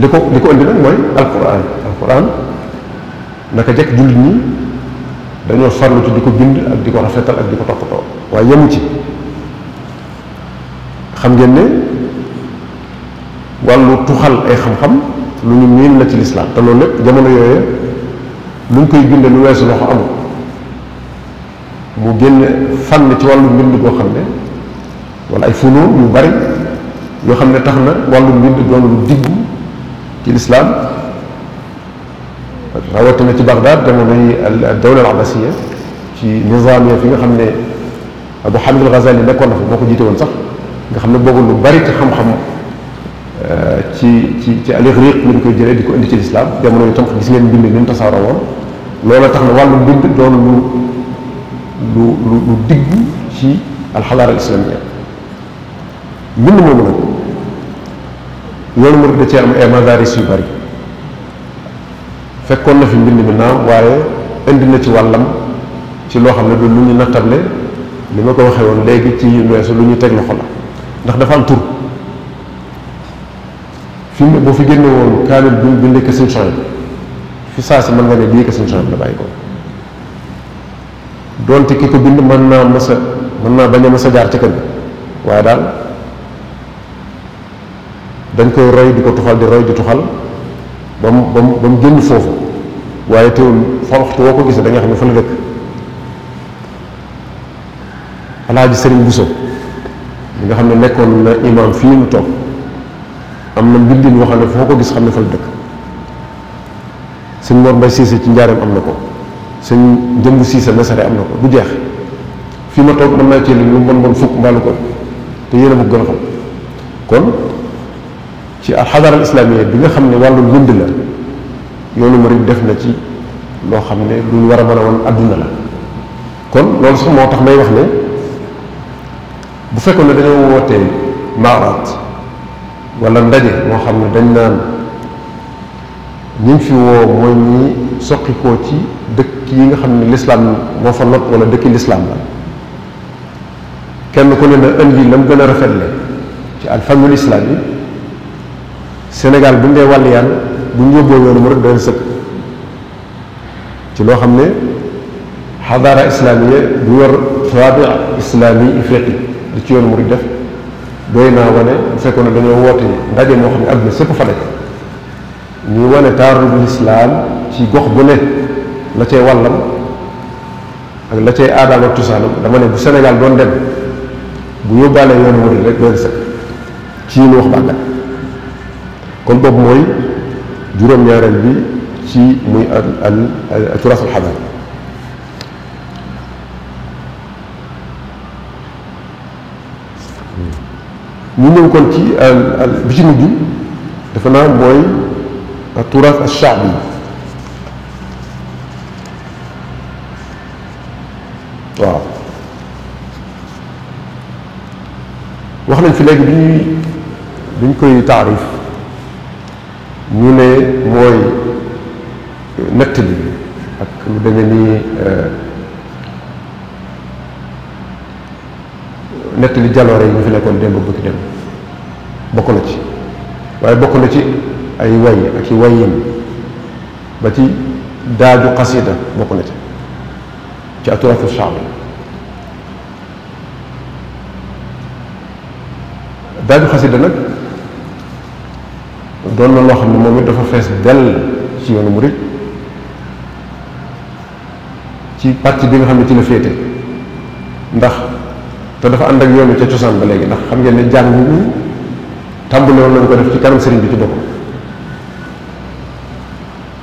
li ko li ko indi nag mooy alquran alquran naka jekk jullit ñi dañoo farlu ci di ko bind ak di ko rafetal ak di ko toppatoo waaye yemu ci xam ngeen ne wàllu tuxal ay xam-xam lu ñu miin la ci lislaam te loolu lépp jamono yooyu lu ñu koy bindee lu weesu loxo amul mu génn fànn ci wàllu mbind boo xam ne wala ay funoon yu bari yoo xam ne tax na wàllu mbind doon lu diggu ci lislaam rawatina ci Bagdad jamono yi al dawla al abbasiya ci nizaam fi nga xam ne Abu Hamid al Ghazali nekkoon na fa moo ko jiite woon sax nga xam ne boobu lu bari ci xam-xam ci ci ci al-Ighriq lañ koy jëlee di ko indi ci lislaam jamono yi tam gis ngeen mbind ni mu tasaaroo woon loolu tax na wàllu mbind doon lu lu lu digg ci alxadaara al-islaamiyya mbind moomu nag loolu moo da cee am ay yu bari fekkoon na fi mbind mi naam waaye indi na ci wàllam ci loo xam ne du lu ñu nattable li ma ko waxee woon léegi ci yu weesu lu ñu teg loxo la ndax dafa am tur fi mu boo fi génne woon kaamil bi mu bindee ko suñu soxla fi saa si mën nga ne bii ko suñu soxla la bàyyi ko donte ki ko bind mën naa mës a mën naa bañ a mës jaar ci kër waaye daal dañ koy roy di ko tuxal di roy di tuxal ba mu ba mu ba mu génn foofu waaye teewul fa waxtu woo ko gisee da xam ne fa la dëkk alaaji sëriñ Bousso mi nga xam ne nekkoon na imaam fii mu toog am na mbindin yoo xam ne foo ko gis xam ne fa la dëkk sëñ Mor Mbay Siise ci njaareem am na ko sëñ Jëmb Siise Nasare am na ko du jeex fii ma toog mën naa ci lu bon bon fukk mbaalu ko te yéen bu bëgg gën a xam kon ci alxadara islaamiya bi nga xam ne wàllu mbind la yoonu murid def na ci loo xam ne luñ war a mën a woon adduna la kon loolu sax moo tax may wax ne bu fekkoon ne dañoo wootee maaraat wala ndaje moo xam ne dañ naan ñi fi woo mooy ñi soqikoo ci dëkk yi nga xam ne lislaam moo fa not wala dëkki lislaam la kenn ku ne na indi la mu gën a rafetle ci alfamil islam yi Sénégal bu ñu dee wàll yaan bu ñu yóbboo yoonu mu rek dana sëkk ci loo xam ne xadaara islaamiya bu yor tawabi islaami ifriqi di ci yoonu mu def doy naa wane bu fekkoon ne dañoo woote ndaje moo xam ne àdduna sëpp fa nekk ñu wane taaru lislaam ci gox bu ne la cay wàllam ak la cay aadaam ak cosaanam dama ne bu Sénégal doon dem bu yóbbaalee yoonu murid rek doy sëkk ci ñu wax bàggat kon boobu mooy juróom-ñaareel bi ci muy al al ñu ñëw kon ci euh, euh, bi ci mujj dafa naa mooy euh, turaas al shaabi waaw wax nañ fi léegi bi ñuy koy taarif mu ne mooy nett nettali jaloore yi ñu fi nekkoon démb bëgg dem bokk na ci waaye bokk na ci ay way ak i wayyin ba ci daaju xasida bokk na ci ci atrafu shaabi daaju xasida nag doon na loo xam ne moom it dafa fees dell ci yoonu murit ci parti bi nga xam ne ci la féete ndax te dafa ànd ak yoonu ca cosaan ba léegi ndax xam ngeen ne jàng bi ne woon nañ ko def ci kanam sëriñ bi ci boppam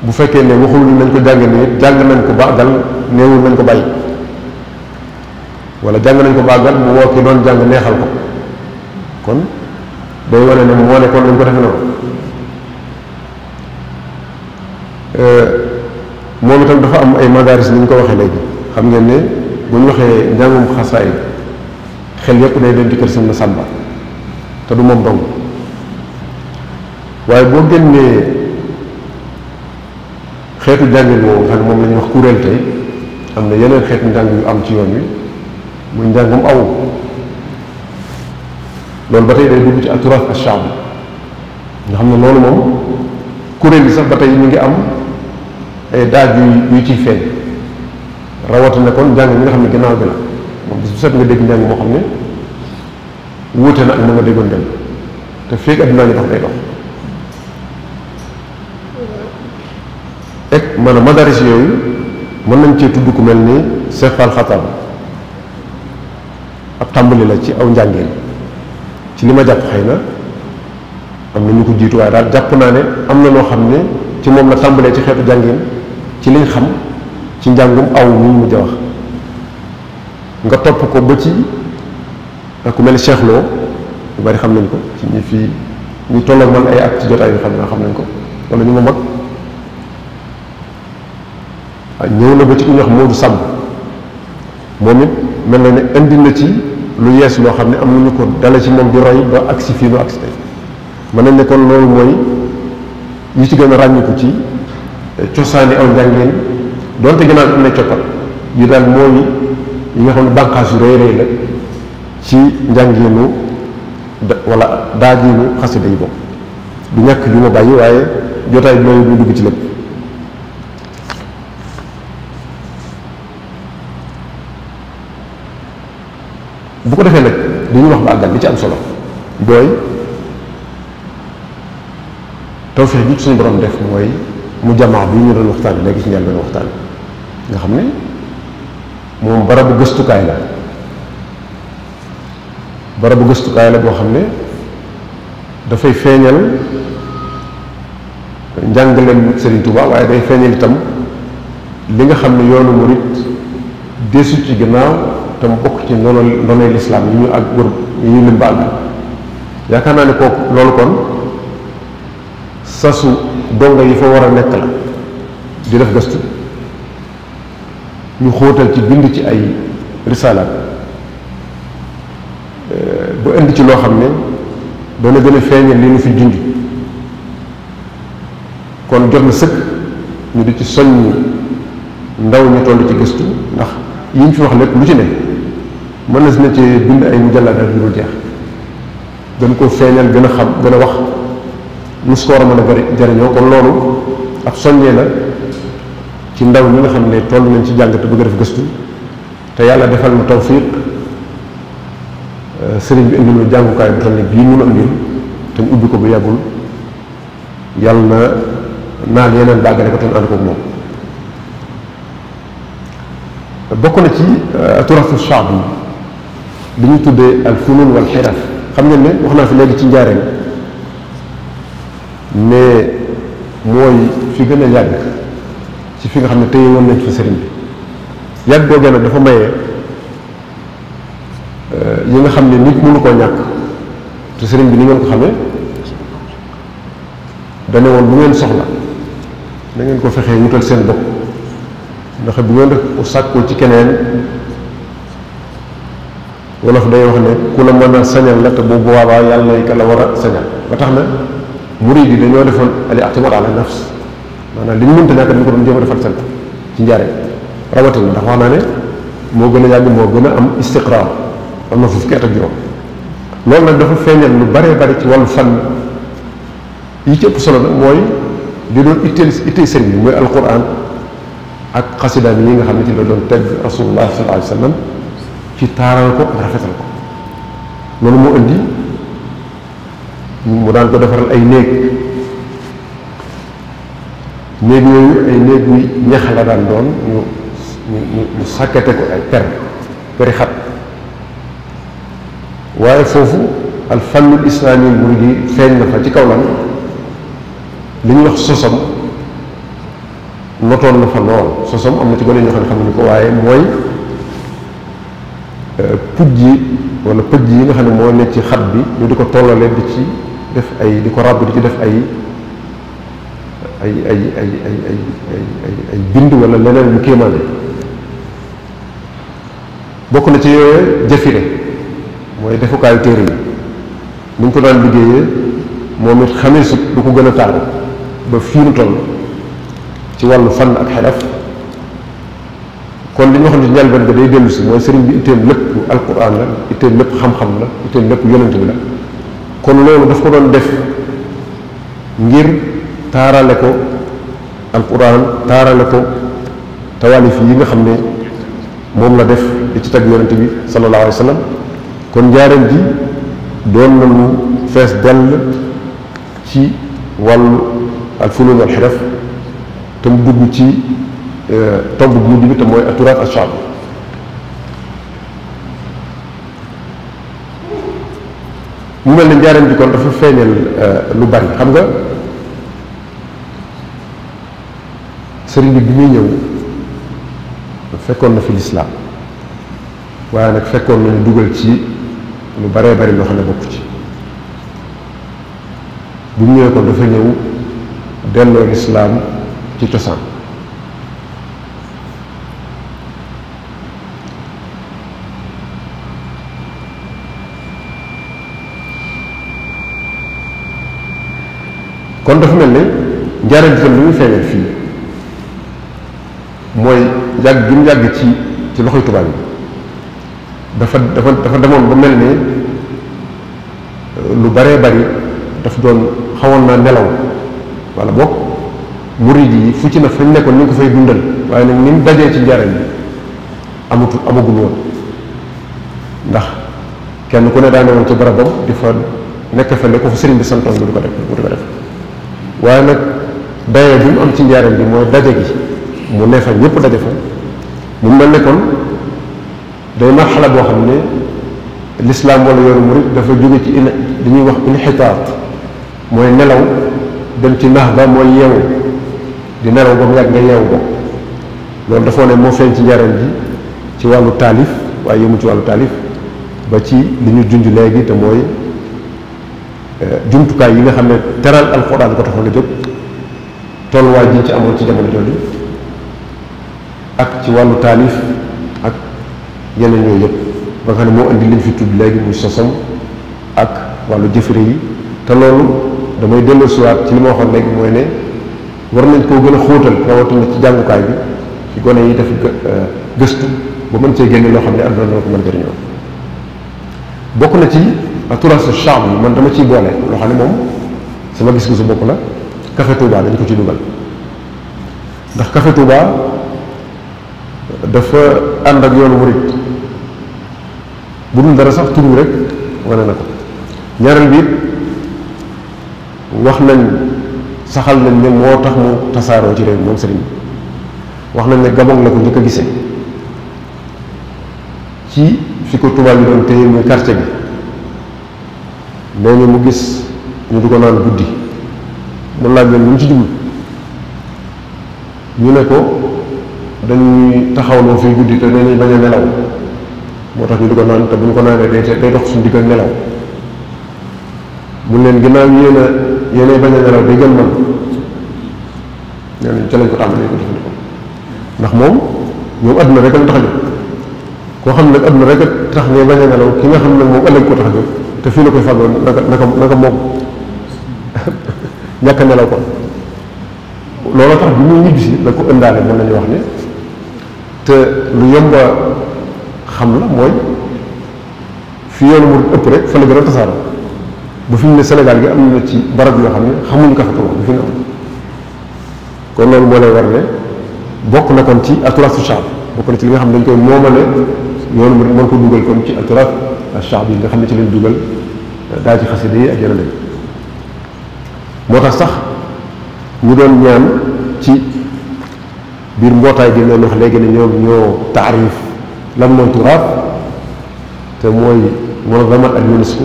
bu fekkee ne waxul nañ ko jàng ne jàng nañ ko baagal néewul nañ ko bàyyi wala jàng nañ ko baagal mu woo ki doon jàng neexal ko kon day wane ne moo nekkoon nañ ko defe noonu euh, moom itam dafa am ay magaris ni ñu ko waxee léegi xam ngeen ne bu ñu waxee njàngum xasaay xel yépp day dem ci kër sëñ ma sàmba te du moom dong waaye boo génnee xeetu njàngin woowu nga moom lañuy wax kuréel tey am na yeneen xeetu njàng yu am ci yoon wi muy njàngum awu loolu ba tey day dugg ci aturaaf ash-shaab nga xam ne loolu moom kuréel yi sax ba tey ñu ngi am ay daaj yu yu ciy feeñ rawatina kon njàng mi nga xam ne ginnaaw bi la bis bu set nga dégg njàng moo xam ne wuute na ak na nga déggoon dem te fii addunaa ngi tax day dox ek maanaam madaris yooyu mën nañ cee tudd ku mel ni Cheikh Fall Xataab ab tàmbali la ci aw njàngin ci li ma jàpp xëy na am na ñu ko jiitu waaye daal jàpp naa ne am na loo xam ne ci moom la tàmbalee ci xeetu jàngeen ci liñ xam ci njàngum aw mu ñu mujj wax nga topp ko ba ci ku mel Cheikh Lo bu bari xam nañ ko ci ñi fii ñu tolloog man ay at ci jotaay bi xam naa xam nañ ko wala ñu ma mag waaw ah, ñëw na ba ci ku ñuy wax Modou moom it mel na ne indi na ci lu yees loo xam ne am nañu ko dala ci moom di roy ba agsi fii nu agsi tey mën nañ nekkoon kon loolu mooy yi ci gën a ràññiku ci eh, cosaani aw njàngeen donte gannaaw am na coppat yi daal mooy yi nga xam ne bànqaas yu rëy la ci njàngeenu wala daajeenu xasida yi bokk du ñàkk ju ma bàyyi waaye jotaay bi loolu ñu dugg ci lépp bu ko defee nag li ñuy wax ba àggal li ci am solo booy tawfeex ji suñu borom def mooy mu jamaa bi ñu doon waxtaan léegi ci njëlbeen waxtaan nga xam ne moom barabu gëstukaay la barabu gëstukaay la boo xam ne dafay feeñal njàngaleem Serigne Touba waaye day feeñal itam li nga xam ne yoonu murit desu ci gannaaw te mu bokk ci ndono ndonay lislaam yi ñu ak wër yi ñu lim ba àgg yaakaar naa ne kooku loolu kon sasu donga yi fa war a nekk la di def gëstu ñu xóotal ci bind ci ay risalaat bu indi ci loo xam ne dana gën a feeñal li ñu fi junj kon jot na sëkk ñu di ci soññ ndaw ñu toll ci gëstu ndax yi ñu fi wax lépp lu ci ne mën na si na ci bind ay mujallad ak lu jeex gën koo feeñal gën a xam gën a wax mu si a mën a bari jariñoo kon loolu ab soññee la ci ndaw ñi nga xam ne toll nañ ci jàng te bëgg a def gëstu te yàlla defal ma tawfiq euh, sëriñ bi indi na jàngukaay bu xam ne bii mun a indi te mu ubbi ko bu yàggul yàlla na naan yeneen bàggale ko te mu ànd ko moom bokk na ci euh, turasu shaab yi tuddee al funun wal xiraf xam ngeen ne wax naa fi léegi ci njaareem mais mooy fi gën a yàgg ci fi nga xam ne tey woon nañ fa sëriñ bi yàgg googee nag dafa maye euh, yi nga xam ne nit mënu koo ñàkk te sëriñ bi ni ngeen ko xamee dane woon bu ngeen soxla na ngeen ko fexee wutal seen bopp ndax bu ngeen def sàkkoo ci keneen wolof day wax ne ku la mën a sañal la te bu boobaa yàlla ka la war a sañal ba tax na murid yi dañoo defoon al i'timaad ala nafs maanaam li ñu mënta ñàkk dañ ko doon jéem a defal sant ci njaare rawatina ndax wax naa moo gën a yàgg moo gën a am istiqraar am na fukki at juróom loolu nag dafa feeñal lu baree bari ci wàllu fànn yi ci solo nag mooy di doon itteel itteel sëriñ bi mooy alquran ak xasidaam yi nga xam ne ci doon teg rasulullah sallallahu alayhi wa sallam ci taaral ko ak rafetal ko loolu moo indi mu daan ko defaral ay néeg néeg yooyu ay néeguy ñax la daan doon ñu ñu ñu sàkkate ko ay per peri xat waaye foofu al fannul islaami muridi feeñ na fa ci kaw lan li ñu wax sosam notoon na fa lool sosam am na ci gone ñoo xam ne xamuñu ko waaye mooy euh, puj yi wala pëj yi nga xam ne moo nekk ci xat bi ñu di ko tollale di ci def ay di ko ràbb di ci def ay ay ay ay ay ay bind wala leneen lu kéemaane bokk na ci yooyu jafire mooy defukaayu téere yi ni ko daan liggéeyee moom it xamee sut du ko gën a tàng ba fii nu toll ci wàllu fan ak xelaf kon li ñu waxoon ci njëlbeen ba day dellu si mooy sëriñ bi itteem lépp alquran la itteem lépp xam-xam la itteem lépp yonent bi la kon loolu daf ko doon def ngir taarale ko alquran taarale ko tawaalif yi nga xam ne moom la def di ci tag yonente bi sallallahu alayhi wa kon njaareem ji doon na lu fees dell ci wàllu alfunun alxiraf te mu dugg ci euh, tomb bu mujj bi te mooy aturaat alchaab mu mel ne njaareem ji kon dafa feeñal euh, lu bari xam nga sëriñ bi bi muy ñëw fekkoon na fi lislaam waaye nag fekkoon nañu dugal ci lu baree bari loo xam ne bokku ci bu mu ñëwee kon dafa ñëw delloo lislaam ci cosaan kon dafa mel ne njaaram itam li muy feeñal fii mooy yàgg gi mu yàgg ci ci loxoy tubaab yi dafa dafa dafa demoon ba mel nii euh, lu baree bari daf doon xawoon naa nelaw wala boog murid yi fu ci na fañ nekkoon ni nga ko fay dundal waaye nag ni mu dajee ci njariñ amatul amagul ndax kenn ku ne daane woon ci barabam di fa ko fa bi santoon bi du ko def waaye nag dayoo am ci njariñ bi mooy daje gi mu neex ak ñëpp daje fa mu mel ne kon day marxala boo xam ne lislaam wala yoonu murid dafa jóge ci in li ñuy wax inxitaat mooy nelaw dem ci nax ba mooy yeewu di nelaw ba mu yàgg nga yeewu ko loolu dafa ne moo feeñ ci njariñ ji ci wàllu taalif waaye yëmu ci wàllu taalif ba ci li ñu junj léegi te mooy euh, jumtukaay yi nga xam ne teral alxuraan ko taxoon a jóg tolluwaay ji ci amoon ci jamono jooju ak ci wàllu taalif ak yeneen yooyu yëpp ba nga xam ne moo indi liñ fi tudd léegi muy sosam ak wàllu jëfëre yi te loolu damay dellu siwaat ci li ma waxoon léegi mooy ne war nañ koo gën a xóotal rawatina ci jàngukaay bi ci gone yi def euh, gëstu ba mën cee génne loo xam ne àdduna ko mën bokk na ci turasu charme yi man dama ciy boole loo xam ne moom sama gis-gisu bopp la Café Touba dañ ko ci dugal ndax Café Touba dafa ànd ak yoonu murit bu dul dara sax turu rek wane na ko ñaareel bi wax nañ saxal nañ ne moo tax mu tasaaroo ci réew moom sëriñ wax nañ ne Gabon la ko ñu ko gisee ci fi ko tubaab yi doon téye muy quartier bi nee ñu mu gis ñu di ko naan guddi mu laaj leen lu ci jublu ñu ne ko dañuy taxawloo fii guddi te dañuy bañ a nelaw moo tax ñu di ko naan te bu ñu ko naanee day day dox suñu digg ak nelaw mu leen ginnaaw yéen a yéenay bañ a nelaw day gën man lañ ko tàmbalee ko jëfandikoo ndax moom ñoom àdduna rek a tax a koo xam ne nag àdduna rek a tax ngay bañ a nelaw ki nga xam ne moom ëllëg ko tax a jóg te fii la koy fàggoo naka naka naka moom ñàkk a nelaw ko looloo tax bu ñuy ñibbisi la ko ëndaale mën nañu wax ne. te lu yomba xam la mooy fi yoonu mu ëpp rek fa la gën a tasaaroo bu fi mu ne Sénégal gi am na ci barab yoo xam ne xamuñ ko fa kon loolu moo lay war ne bokk na kon ci aturasu shaab bokk na ci li nga xam dañ koy moomale yoonu mu mën ko dugal kon ci al shaab yi nga xam ne ci leen dugal euh, daal ci xasida yi ak yeneen moo tax sax ñu doon ñaan ci biir mbootaay gi doon wax léegi ne ñoom ñoo taarif lan mooy turaab te mooy munazamat ak UNESCO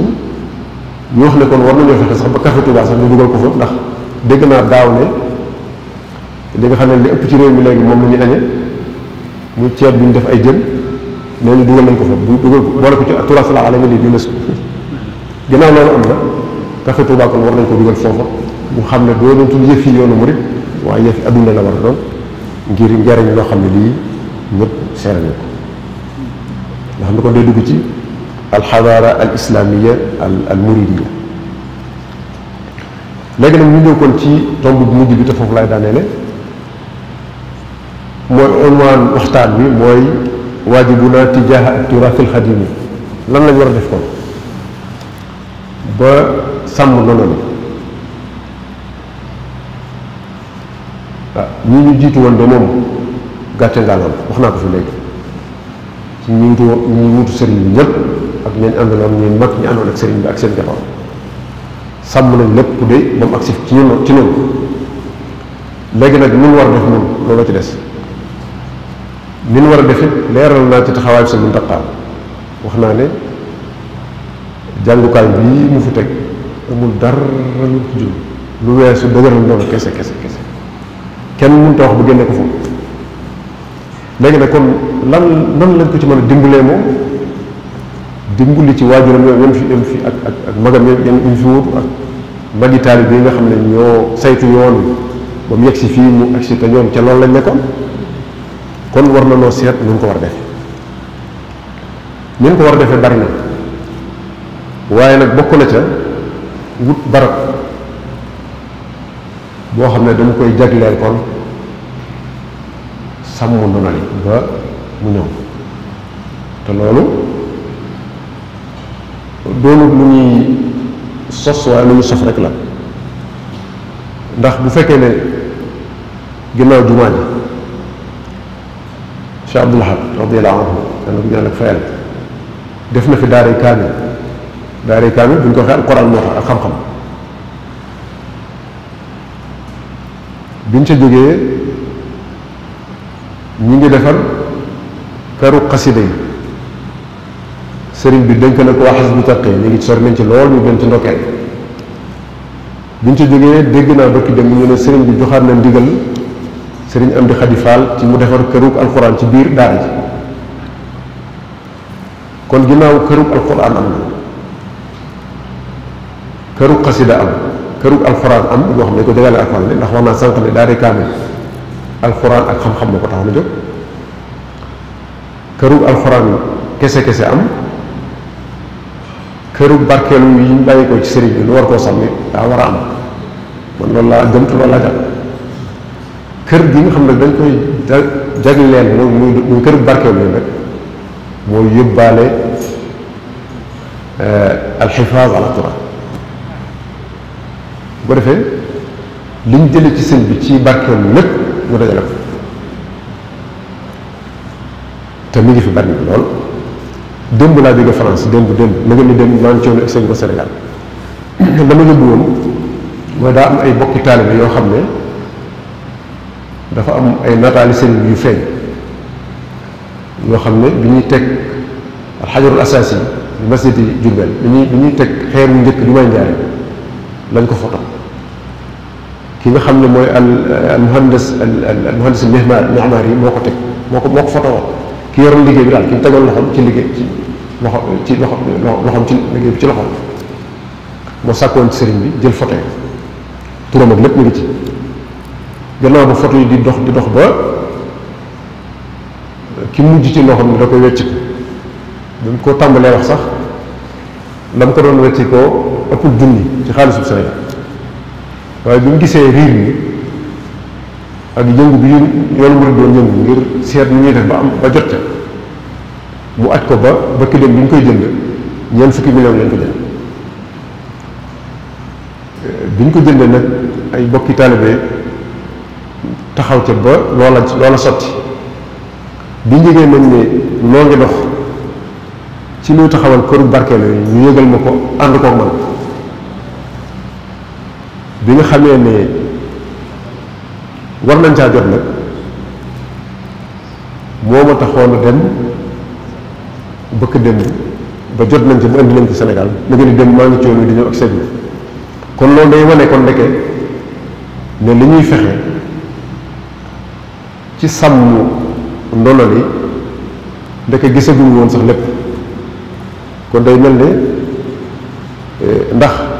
ñu wax ne koon war nañoo fexe sax ba café Touba sax ñu ko fa ndax dégg naa daaw ne li nga xam ëpp ci réew mi léegi moom la ñu añe muy ceeb bi ñu def ay jën nee na dugal nañ ko fa bu dugal boole ko ci turaab la alami di UNESCO ginnaaw loolu am na café Touba kon war nañ ko dugal foofa mu xam ne doo doon tudd yëf yoonu murit waaye yëf yi adduna la war a doon ngir njariñ loo xam ne lii ñëpp seere ko nga xam ne kon day dugg ci alxadaara al islaamiya al al muridiya léegi nag ñu ñëw kon ci tomb bu mujj bi te foofu laay daaneele mooy unwaan waxtaan bi mooy waajibuna tijaaha ak turaafil xadimi lan lañ war a def kon ba sàmm noonu waaw ah, ñi ñu jiitu woon de moom gàcce ngaaloon wax naa ko fi léegi ci ñi wutu ñi wutu sëriñ bi ñëpp ak ñeen àndaloon ñuy mag ñi àndoon ak sëriñ bi ak seen jaxoon sàmm nañ lépp de ba mu agsi ci ñun ci léegi nag nun war a def nun loolu ci des ni nu war a def leeral naa ci taxawaay bi sa mun taqaam wax naa ne jàngukaay bii mu fi teg amul dara lu ci jur lu weesu dëgëral loolu kese kese kese kenn mënut a wax bu génne ko foofu léegi nag kon lan lañ ko ci mën a dimbalee moom dimbali ci waajuram yam fi yam fi ak ak ak magam yam fi wóotu ak magi taalib yi nga xam ne ñoo saytu yoon ba mu yegg si fii mu agsi te ñoom ca loolu lañ nekkoon kon war na noo seet ñu ko war a defe ñu ko war a defee bari na waaye nag bokk na ca wut barab boo xam ne dama koy jagleel kon sàmm ndono li ba mu ñëw te loolu doonut lu ñuy sos waaye lu ñu sof rek la ndax bu fekkee ne ginnaaw jumaa ji Cheikh Abdoul Ahad radiyallahu anhu yàlla ko ñaan ak fayal def na fi daaray kaamil daaray kaamil bu ñu ko waxee alquran moo tax ak xam-xam biñ ca jógee ñu ngi defar peru xasida yi sëriñ bi dénk na ko waa xas bu taqi ñu ngi sori nañ ci lool ñu gën ci ndokkeel biñ ca jógee dégg naa bokki dem ñu ne sëriñ bi joxaat na ndigal sëriñ am di xadi faal ci mu defar kërug alxuraan ci biir daara ji kon ginnaaw kërug alxuraan am na kërug xasida am kërug alxuraan am boo xam ne ko jagale alxuraan ndax sànq ne daara kaamil ak xam-xam moo ko tax na alxuraan kese kese am kërug barkeelu yi ñu ko ci sëriñ bi lu war koo sàmmi daa war a am man laa gëm te laa jàpp kër gi nga xam ne dañ koy jagleel muy muy kërug barkeelu yi nag mooy yóbbaale eh, alxifaaz ala bu defee liñ jële ci sëñ bi ci barkeem lépp ñu dajale ko te mi ngi fi bari lool démb laa jóge France démb démb na nga ni démb maa ngi coono ak sëñ dama yóbbu woon mooy daa am ay bokki taalibe yoo xam ne dafa am ay nataali sëñ bi yu feeñ yoo xam ne bi ñuy teg alxajarul asaasi yi masjidi Jurbel bi ñuy bi ñuy teg xeeru njëkk jumaay Njaare lañ ko foto ki nga xam ne mooy al al muhandas al muhandas al mihmar mihmar yi moo ko teg moo ko moo ko foto woon ki yoroon liggéey bi daal ki tegoon loxoom ci liggéey ci loxo ci loxo loxoom ci liggéey bi ci moo sàkkoon sëriñ bi jël foto yi turam ak lépp ngi ci gannaaw ba foto yi di dox di dox ba ki mujj ci loo xam ne da koy wecc ko bi mu ko tàmbalee wax sax la mu ko doon wecci ko ëppul junni ci xaalisub Sénégal waaye bi mu gisee riir mi ak yëngu bi yoonu mu doon yëngu ngir seet ni ñuy def ba am ba jot ca mu aj ko ba ba ki dem bi ñu koy jënd ñeent fukki million lañ ko jënd euh, bi ñu ko jëndee nag ay bokki taalibe taxaw ca ba loola loola sotti bi njëgee nañ ne noo ngi dox ci luy taxawal këru barkeelu yi ñu yëgal ma ko ànd koog man bi nga xamee ne war nañ saa jot nag moo ma taxoon a dem bëkk dem ba jot nañ ci ba indi nañ ci Sénégal mu ngi dem maa ngi coono di ñëw ak seen kon loolu day wane kon ndeke ne li ñuy fexe ci sàmm ndono li ndeke gisaguñu woon sax lépp kon day mel ne eh, ndax.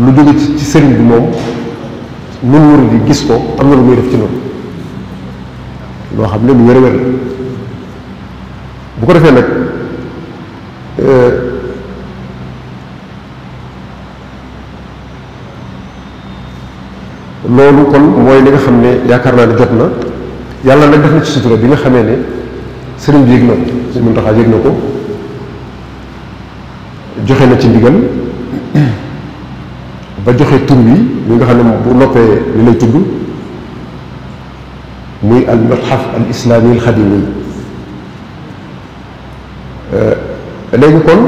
lu jóge ci ci bi moom nun waru di gis ko am na lu muy def ci noonu loo xam ne lu wér wér bu ko defee nag euh, loolu kon mooy li nga xam ne yaakaar naa ne jot na yàlla nag def na ci sutura bi nga xamee ne sëriñ bi yëg na ko si mun taxaa yëg na ko joxe na ci ndigal ba joxee tur wi li nga xam ne bu noppee li lay tudd muy al matxaf al islaami al xadimi eh, léegi kon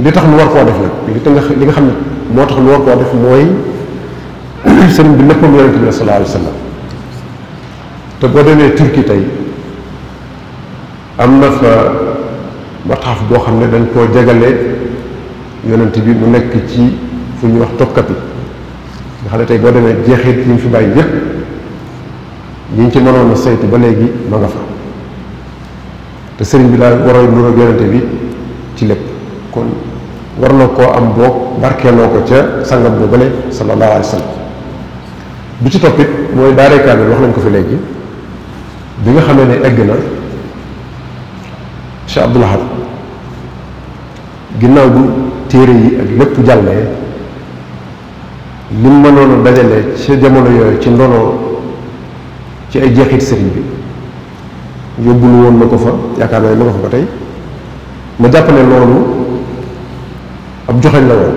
li tax mu war koo def nag li li nga xam ne moo tax mu war koo def mooy sëriñ bi léppam yonente bi la sallallahu alayhi wa sallam te boo demee Turquie tey am na fa matxaf boo xam ne dañ koo jegale yonent bi mu nekk ci fu ñuy wax topkat yi nga xam ne tey boo demee jeexit yi ñu fi bàyyi yëpp yi ñu ci mënoon a saytu ba léegi ma nga fa te sëriñ bi daal warooy nuroog yonente bi ci lépp kon war na koo am ko ca sangam bu bële sallallahu bi ci toppit mooy daaree kaamil wax nañ ko fi léegi bi nga xamee ne egg na Cheikh Abdoul ginnaaw bu téere yi ak lépp jàllee lim mënoon a dajale ci jamono yooyu ci ndono ci ay jeexit sëriñ bi yóbbul woon na ko fa yaakaar naa ne ma nga fa ba tey ma jàpp ne loolu ab joxañ la woon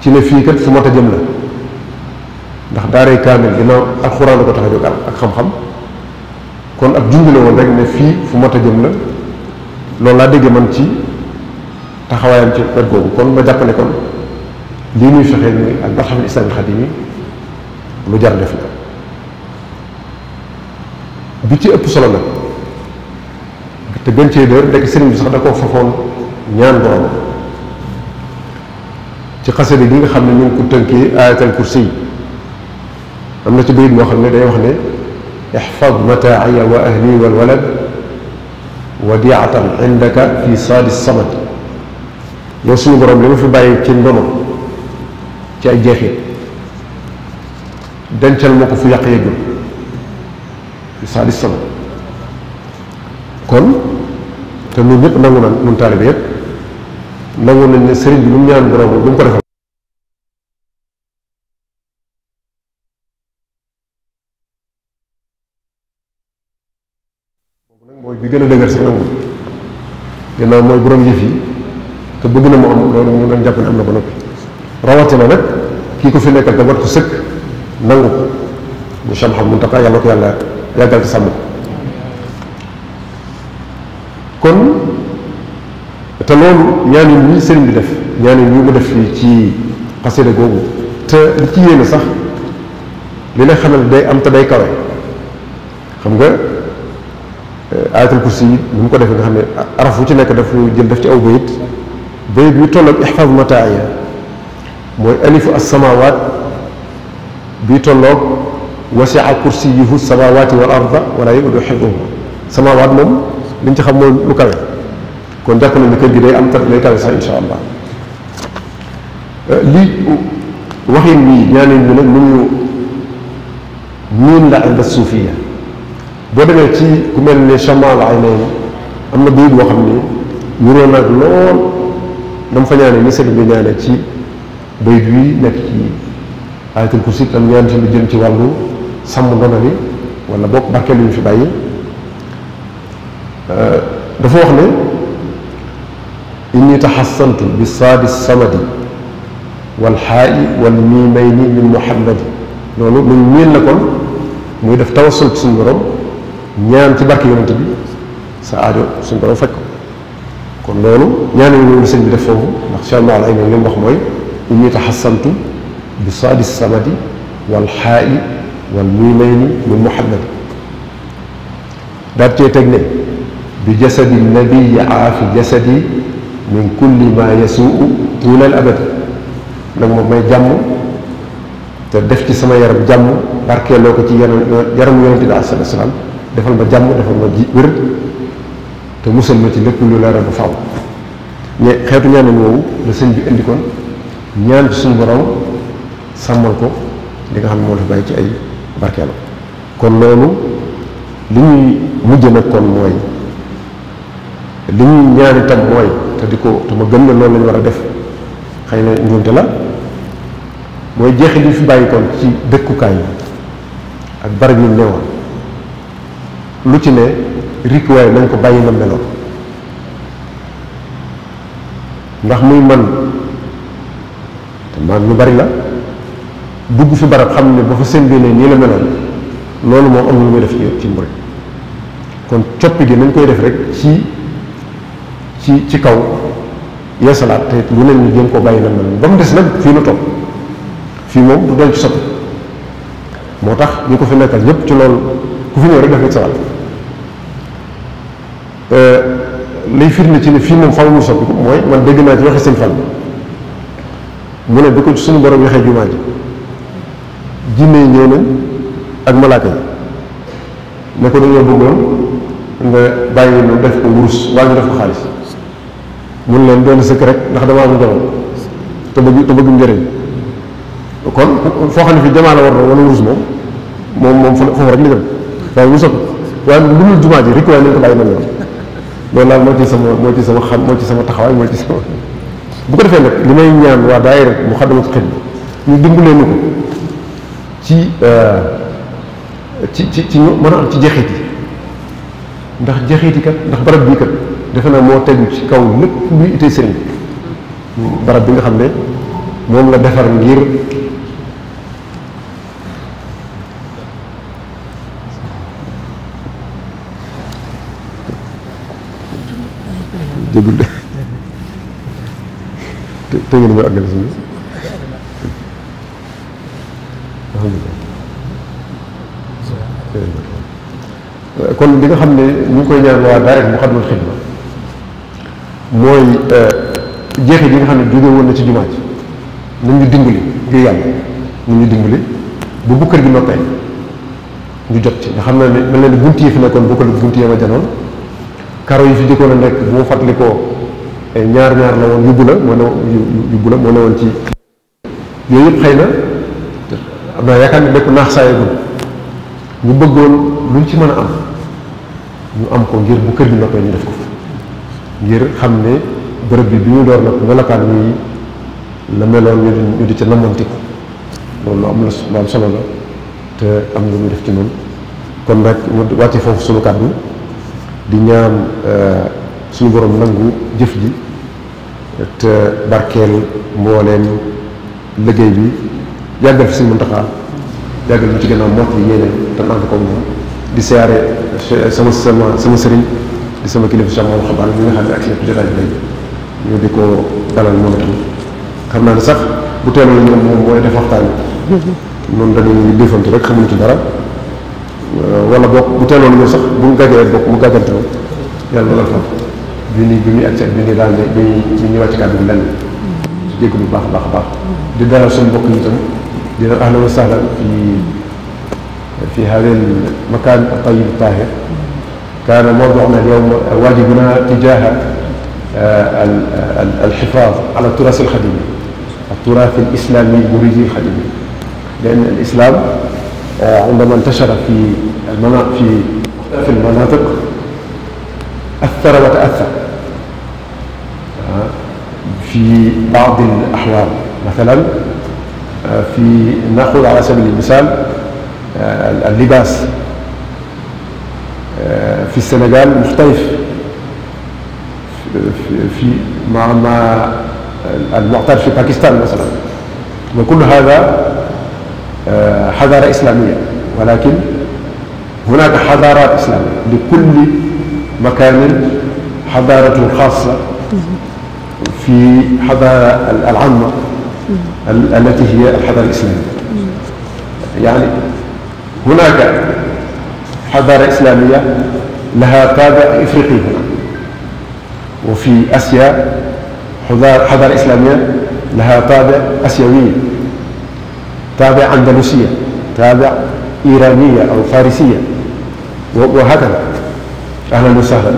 ci ne fii kat fu mat a jëm la ndax daaray kaamil dina ak xuraan la ko tax jóg ak xam-xam kon ab junj la woon rek ne fii fu mat a jëm la loolu laa déggee man ci taxawaayam ci wet googu kon ma jàpp kon lii ñuy fexee muy ak barxamul islaamil xadimi lu jar bi ci ëpp solo nag te gën cee dër ndekk sëriñ bi sax da koo fafoon ñaan borom ci xasida gi nga xam ne ñu ngi ko tënkee ayatal kursi yi am na ci bayit moo xam ne day wax ne ixfad mataaya wa ahli wal walad wadiatan indaka fi saadi samad yow suñu borom li ma fi bàyyi ci ndono ci ay jeexit dencal ma ko fu yàq yeggul fi saalis sama kon te ñun ñëpp nangu nañ ñun taalibe yëpp nangu nañ ne sëriñ bi lu mu ñaan borom bu ko defal boobu nag mooy bi gën a dëgër si nangu ginnaaw mooy borom yëf yi te bëgg na mu am loolu mu doon jàpp ne am na ba noppi rawatina nag kii ko fi nekkal te wat ko sëkk nangu ko mu Cheikh Mouhamadou Mountakha yàlla ko yàlla yàggal te sàmm ko kon te loolu ñaanin ñi sëriñ bi def ñaanin ñi mu def fii ci xasida googu te li ci yéene sax li lay ne day am te day kawe xam nga eh, ayatul kursi yi mu ko defee nga xam ne araf wu ci nekk dafa jël def ci aw bayit bayit bi toll ak ihfaaz mataaya mooy alifu as-samaawaat bi tolloog wasia kursiyuhu samaawaati wal arda wala yaudu xifduhuma samaawaat moom liñ ci xam mooy lu kawe kon jàpp nañ ni kër gi day am tat lay kawe sax insha allah lii waxin bii ñaaneen bi nag lu ñu miin la ànd suufiya boo demee ci ku mel ne Chamal Aynayn am na biir boo xam ni niróo nag lool dama fa ñaanee ni sëñ bi ñaanee ci. bayit wi nekk ci ayatul kursi tam ñaante lu jëm ci wàllu sàmm ndono li bokk barkeel yu ñu fi bàyyi euh, dafa wax ne inni taxassantu bi saadi samadi wal xaayi wal miimayni min muhammadi loolu lu ñu miin la kon muy def tawassul ci suñu borom ñaan ci barke yonent bi sa aajo suñu borom faj ko kon loolu ñaan yi ñu sëñ bi def foofu ndax Cheikh Maal ay li mu wax mooy inni taxassantu bi saadi samadi wal xaayi wal miimayni min muhammad daal cee teg ne bi jasadi nabiyi aafi jasadi min ma yasuu tuulal abadi nag moom may jàmm te def ci sama yaram jàmm barkeeloo ko ci yaram yaramu yonente bi alayhi salaam defal ma jàmm defal ma ji wér te musal ma ci lépp lu leeral ba faaw mais xeetu ñaanam woowu la sëñ bi indi kon ñaan ci suñu borom sàmmal ko li nga xam ne moo la fi bàyyi ci ay barkeelu kon loolu li ñuy mujj nag kon mooy li ñuy ñaan itam mooy te di ko te ma gëm ne loolu lañu war a def xëy na njuumte la mooy jeexi li fi bàyyi kon ci dëkkukaay yi ak barab yi newoon lu ci ne rikuwaay nañ ko bàyyi na meloon ndax muy man te man ñu bari la dugg fi barab xam ne ba fa sëmbee ne nii la meloon loolu moom am na lu muy def ci ci murit kon coppi gi koy def rek ci ci ci kaw yeesalaat te lu ne ñu koo bàyyi lan meloon ba mu des nag fii nu toog fii moom du doon ci soppi moo tax ñu ko fi nekkal ñëpp ci loolu ku fi ñëw rek dafay sawal lay firnde ci ne fii moom faaw mu soppi mooy man dégg naa ci waxi sëñ Fall mu ne bi ko suñu borom waxee jumaa ji jinne yi ñëw nañ ak malaaka yi ne ko dañoo bëggoon nga bàyyi nu def ko wurus xaalis mun leen benn sëkk rek ndax dama am jamono te bëgg te bëgg njëriñ kon foo xam ne fi jamaa la war wala wurus moom moom moom foofu rek la jëm waaye mu soppi waaye lu dul jumaa ji rek waaye nañ ko bàyyi nañ la loolu daal moo ci sama moo ci sama xam moo ci sama taxawaay moo ci sama bu ko defee nag li may ñaan waa daayira Moukhaddamatoul Khidma ñu dimbalee ñu ko ci euh, ci ci ci ñu mën a am ci jeexit yi ndax jeexit yi ndax barab bii kat defe naa moo tegu ci kaw lépp luy itee sëriñ barab bi nga xam ne moom la defar ngir jégul te ngeen kon li nga xam ne ñu koy ñaan waa daayira Muxaddamatul Xidma mooy euh, jeexit yi nga xam ne jóge woon na ci jumaa ji nañ ñu dimbali ngir yàlla nañ ñu dimbali bu bu kër gi noppee ñu jot ci nga xam ne mel na ne yi fi nekkoon bokkul bunt yi ma janoon karo yi fi jëkkoon a nekk bu ma fàttalikoo ay ñaar ñaar la woon yu bu la moo ne yu woon ci yooyu yëpp xëy na am naa yaakaar ne nekk naax saayagul ñu bëggoon luñ ci mën a am ñu am ko ngir bu kër gi noppee ñu def ko ngir xam ne bërëb bi bi ñu door nag melokaan yi la meloon ñu di ca namanti ko loolu lu am la lu solo la te am lu muy def ci noonu kon nag mu wàcce foofu sunu kàddu di ñaan euh, suñu borom nangu jëf ji te barkeel mbooleem liggéey bi yàggal fi suñu Muntaxa yàggal bi ci gannaaw a yi yéene te ko moom di siyaare sama sama sama sëriñ di sama kilifa Cheikh Mamadou xam ne ak yëpp di ko dalal naa ne sax bu teeloon ñoom moom mooy def waxtaan bi noonu dañuy défantu rek xamuñu ci dara wala bokk bu teeloon ñoom sax bu mu gàjjee bokk mu gàjjantewu yàlla dalal fa bi ni bi muy agsi bi ni daan bi bi ñu wàcc kàddu lenn jégg bu baax a baax a baax di dalal suñu mbokk yi tam di leen ahlan wa sahlan fi fi haadal makaan tayyib taahir kaana mawduuna al-yawm waajibunaa tijaaha eh, al-hifaaz ala turaas al-xadiim التراث الإسلامي المريدي الخليجي لأن الإسلام عندما انتشر في المناطق في المناطق أثر وتأثر في بعض الأحوال مثلا في نأخذ على سبيل المثال اللباس في السنغال مختلف في مع ما المعتاد في باكستان مثلا وكل هذا حضارة إسلامية ولكن هناك حضارات إسلامية لكل مكان حضارته الخاصة في الحضارة العامة التي هي الحضارة الإسلامية يعني هناك حضارة إسلامية لها تابع إفريقي هنا وفي آسيا حضارة إسلامية لها طابع آسيوي طابع أندلسية طابع إيرانية أو فارسية وهكذا أهلا وسهلا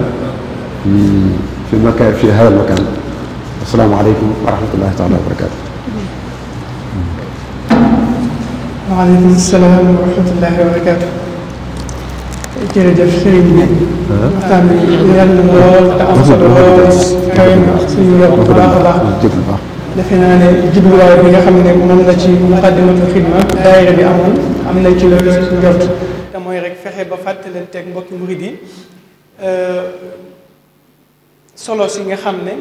في مكان في هذا المكان asalaamaaleykum wa rahmatullahi taala wa barakaatu. waaleykum salaam wa rahmatullahi wa barakaatu. jërëjëf sëriñ bi. waxtaan bi leer na lool te am solo lool xëy na suñu yokk bu baax a baax. defe naa ne jubluwaay bi nga xam ne moom la ci muqaddimatul xidma daayira bi amoon am na ci loolu suñu jot. te mooy rek fexe ba fàttalanteeg mbokki murid yi euh, solo si nga xam ne.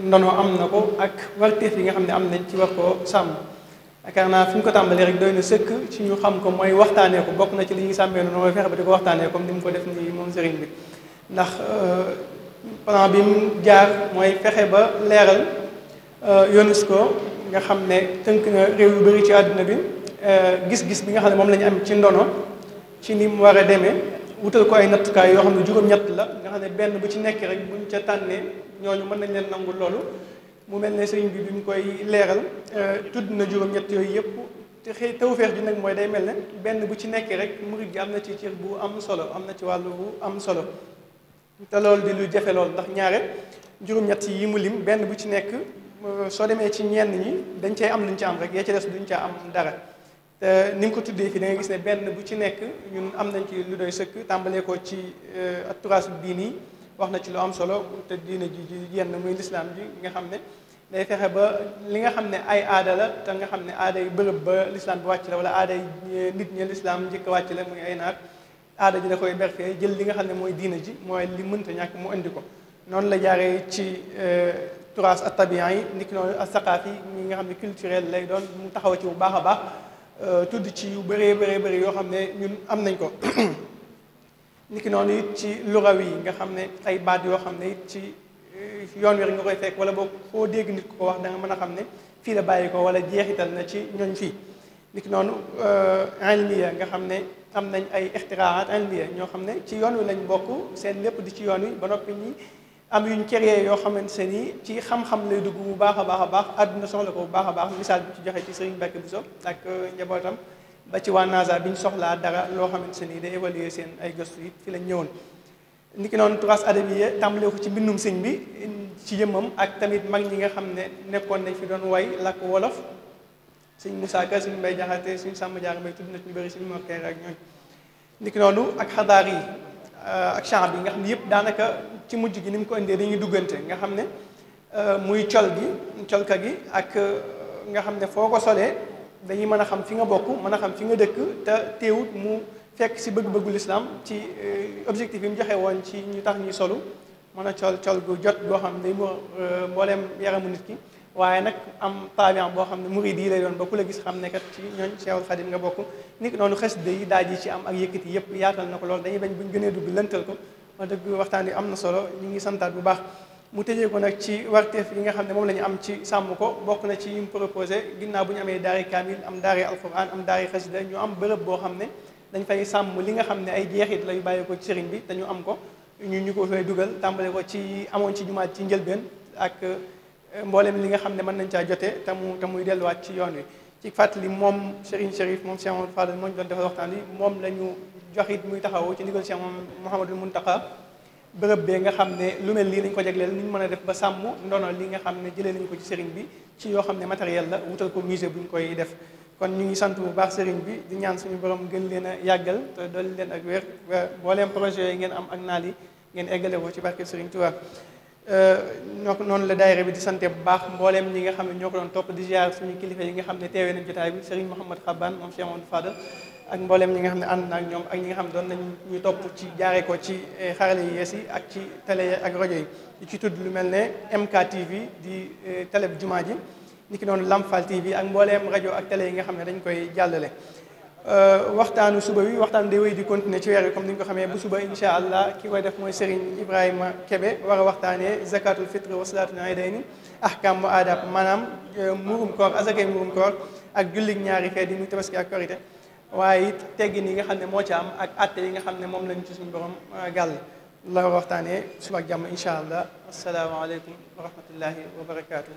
ndonoo am na ko ak warteef yi nga xam ne am nañ ci war koo sàmm yaakaar naa fi ñu ko tàmbalee rek doy na sëkk ci ñu xam ko mooy waxtaanee ko bokk na ci li ñuy sàmmee noonu mooy fexe ba di ko waxtaanee comme ni mu ko def nii moom sëriñ bi ndax euh, plan bi mu jaar mooy fexe ba leeral UNESCO euh, nga xam ne tënk na réew yu bari ci àdduna bi euh, gis-gis bi nga xam ne moom lañu am ci ndono ci ni mu war a demee wutal ko ay nattukaay yoo xam ne juróom-ñett la nga xam ne benn bu ci nekk rek buñ ca tànnee ñooñu mën nañ leen nangul loolu mu mel ne sëriñ bi bi mu koy leeral euh, tudd na juróom-ñett yooyu yëpp te xëy tawféex ji nag mooy day mel ne benn bu ci nekkee rek murid gi am na ci cër bu am solo am na ci wàllu bu am solo te loolu di lu jafe lool ndax ñaare juróom yi mu lim benn bu ci nekk euh, soo demee ci ñenn ñi dañ cay am luñ ci am rek yaa ci des duñ ca am dara te ni nga ko tuddee fii da gis ne benn bu ci nekk ñun am nañ ci lu doy sëkk tàmbalee ko ci euh, turas bii nii wax na ci loo am solo te diine ji ji yenn muy lislaam ji nga xam ne day fexe ba li nga xam ne ay aada la te nga xam ne aada yi bërëb ba lislaam bi wàcc la wala aada yi nit ñi lislaam njëkk wàcc la muy ay naar aada ji da koy berfee jël li nga xam ne mooy diina ji mooy li mënta ñàkk mu indi ko noonu la jaaree ci e, turas ak tabian yi nit ki noonu ak saqaaf yi ñi nga xam ne culturel lay doon mu taxaw ci bu baax a baax e, tudd ci yu bëree bëree bëri yoo xam ne ñun am nañ ko niki noonu it ci lugaw yi nga xam ne ay baat yoo xam ne it ci eh, yoon wi rek nga koy fekk wala boo koo dégg nit ku ko wax da mën a xam ne fii la bàyyi ko wala jeexital na ci ñooñ fii niki noonu eh, ilmiya nga xam ne am nañ ay ixtiraat ilmiya ñoo xam ne ci yoon wi lañ bokk seen lépp di ci yoon wi ba noppi ñi am yuñ créé yoo xamante se ni ci xam-xam lay dugg bu baax a baax a baax àdduna soxla ko bu baax a baax misaal bi ci joxe ci Serigne Mbacke Bousso ak eh, njabootam ba ci waa NASA bi ñu soxlaa dara loo xamante ni day évaluer seen ay gëstu yi fi lañ ñëwoon ni ki noonu trace adabiya tàmbalee ko ci mbindum sëñ bi ci jëmmam ak tamit mag ñi nga xam ne nekkoon nañ fi doon way làkk wolof sëñ Moussa Ka suñ Mbay Jaxate suñ Sàmm Jaar Mbay tudd na ci ñu bëri suñ Mokeer ak ñooñ noonu ak xadaar yi euh, ak champs bi nga xam ne yëpp daanaka ci mujj gi ni mu ko indee dañuy duggante nga xam ne euh, muy col gi colka gi ak euh, nga xam ne foo ko solee dañuy mën a xam fi nga bokk mën a xam fi nga dëkk te teewut mu fekk si bëgg-bëggu lislaam ci euh, objectif yi mu joxe woon ci ñu tax ñuy solo mën a col col gu jot goo xam ne day mu euh, mbooleem yaramu nit ki waaye nag am tabian boo xam ne murid yi lay doon ba ku la gis xam ne kat ci ñooñ Cheikhul Khadim nga bokk nit noonu xasida yi daaj yi ci am ak yëkkati yëpp yaatal na ko loolu dañuy bañ buñ gënee dugg lëntal ko wax dëgg waxtaan yi am na solo ñu ngi santaat bu baax mu tëjee ko nag ci warteef yi nga xam ne moom la ñu am ci sàmm ko bokk na ci yi mu proposé ginnaaw bu ñu amee daari kaamil am daari alquran am daari xasida ñu am bërëb boo xam ne dañ fay sàmm li nga xam ne ay jeexit lañu yu bàyyi ko ci sëriñ bi te am ko ñu ñu ko fay dugal tàmbale ko ci amoon ci jumaat ci njëlbeen ak euh, mboolem li nga xam ne mën nañ caa jote te mu te muy delluwaat ci yoon wi ci fàttali moom Serigne Cherif moom Cheikh Mamadou Fadal moo doon defal waxtaan yi moom la ñu joxit muy taxawu ci ndigal Cheikh Mouhamadul Muntaka bërëb bee nga xam ne lu mel lii nañ ko jagleel ni ñu mën a def ba sàmm ndono li nga xam ne jëlee nañ ko ci sëriñ bi ci yoo xam ne matériel la wutal ko musée bu ñu koy def kon ñu ngi sant bu baax sëriñ bi di ñaan suñu borom gën leen a yàggal te dolli leen ak weer mbooleem projet yi ngeen am ak naal yi ngeen eggale ko ci barke sëriñ Tuubaa ñoo euh, ko noonu la daayira bi di sante bu baax mbooleem ñi nga xam ne ñoo ko doon topp di ziar suñu kilifa yi nga xam ne teewee nañ jotaay bi sëriñ Mouhamed Xaban moom Cheikh Mamadou Fadal ak mbooleem ñi nga xam ne ànd na ak ñoom ak ñi nga xam ne doon nañ ñu topp ci jaare ko ci eh, xarale yi yees yi ak ci télé yi ak rajo yi di ci tudd lu mel ne MK TV di eh, télé bu jumaa ji ni ki noonu Lamfal TV ak mbooleem rajo ak télé yi nga xam ne dañ koy jàllale euh, waxtaanu suba wi waxtaan day wéy di continuer ci weer wi comme ni ñu ko xamee bu suba insha allah ki koy def mooy Serigne Ibrahima Kebe war a waxtaanee zakatul fitre wa salaatul iidayni ahkam wa adab maanaam euh, murum koor azakay murum koor ak jullig ñaari feet yi muy ak korite waaye it teggin yi nga xam ne moo ci am ak atte yi nga xam ne moom lañ ci suñu borom euh, gàll la waxtaanee suba ak jàmm incha allah asalaamaaleykum wa rahmatullahi wa barakaatu.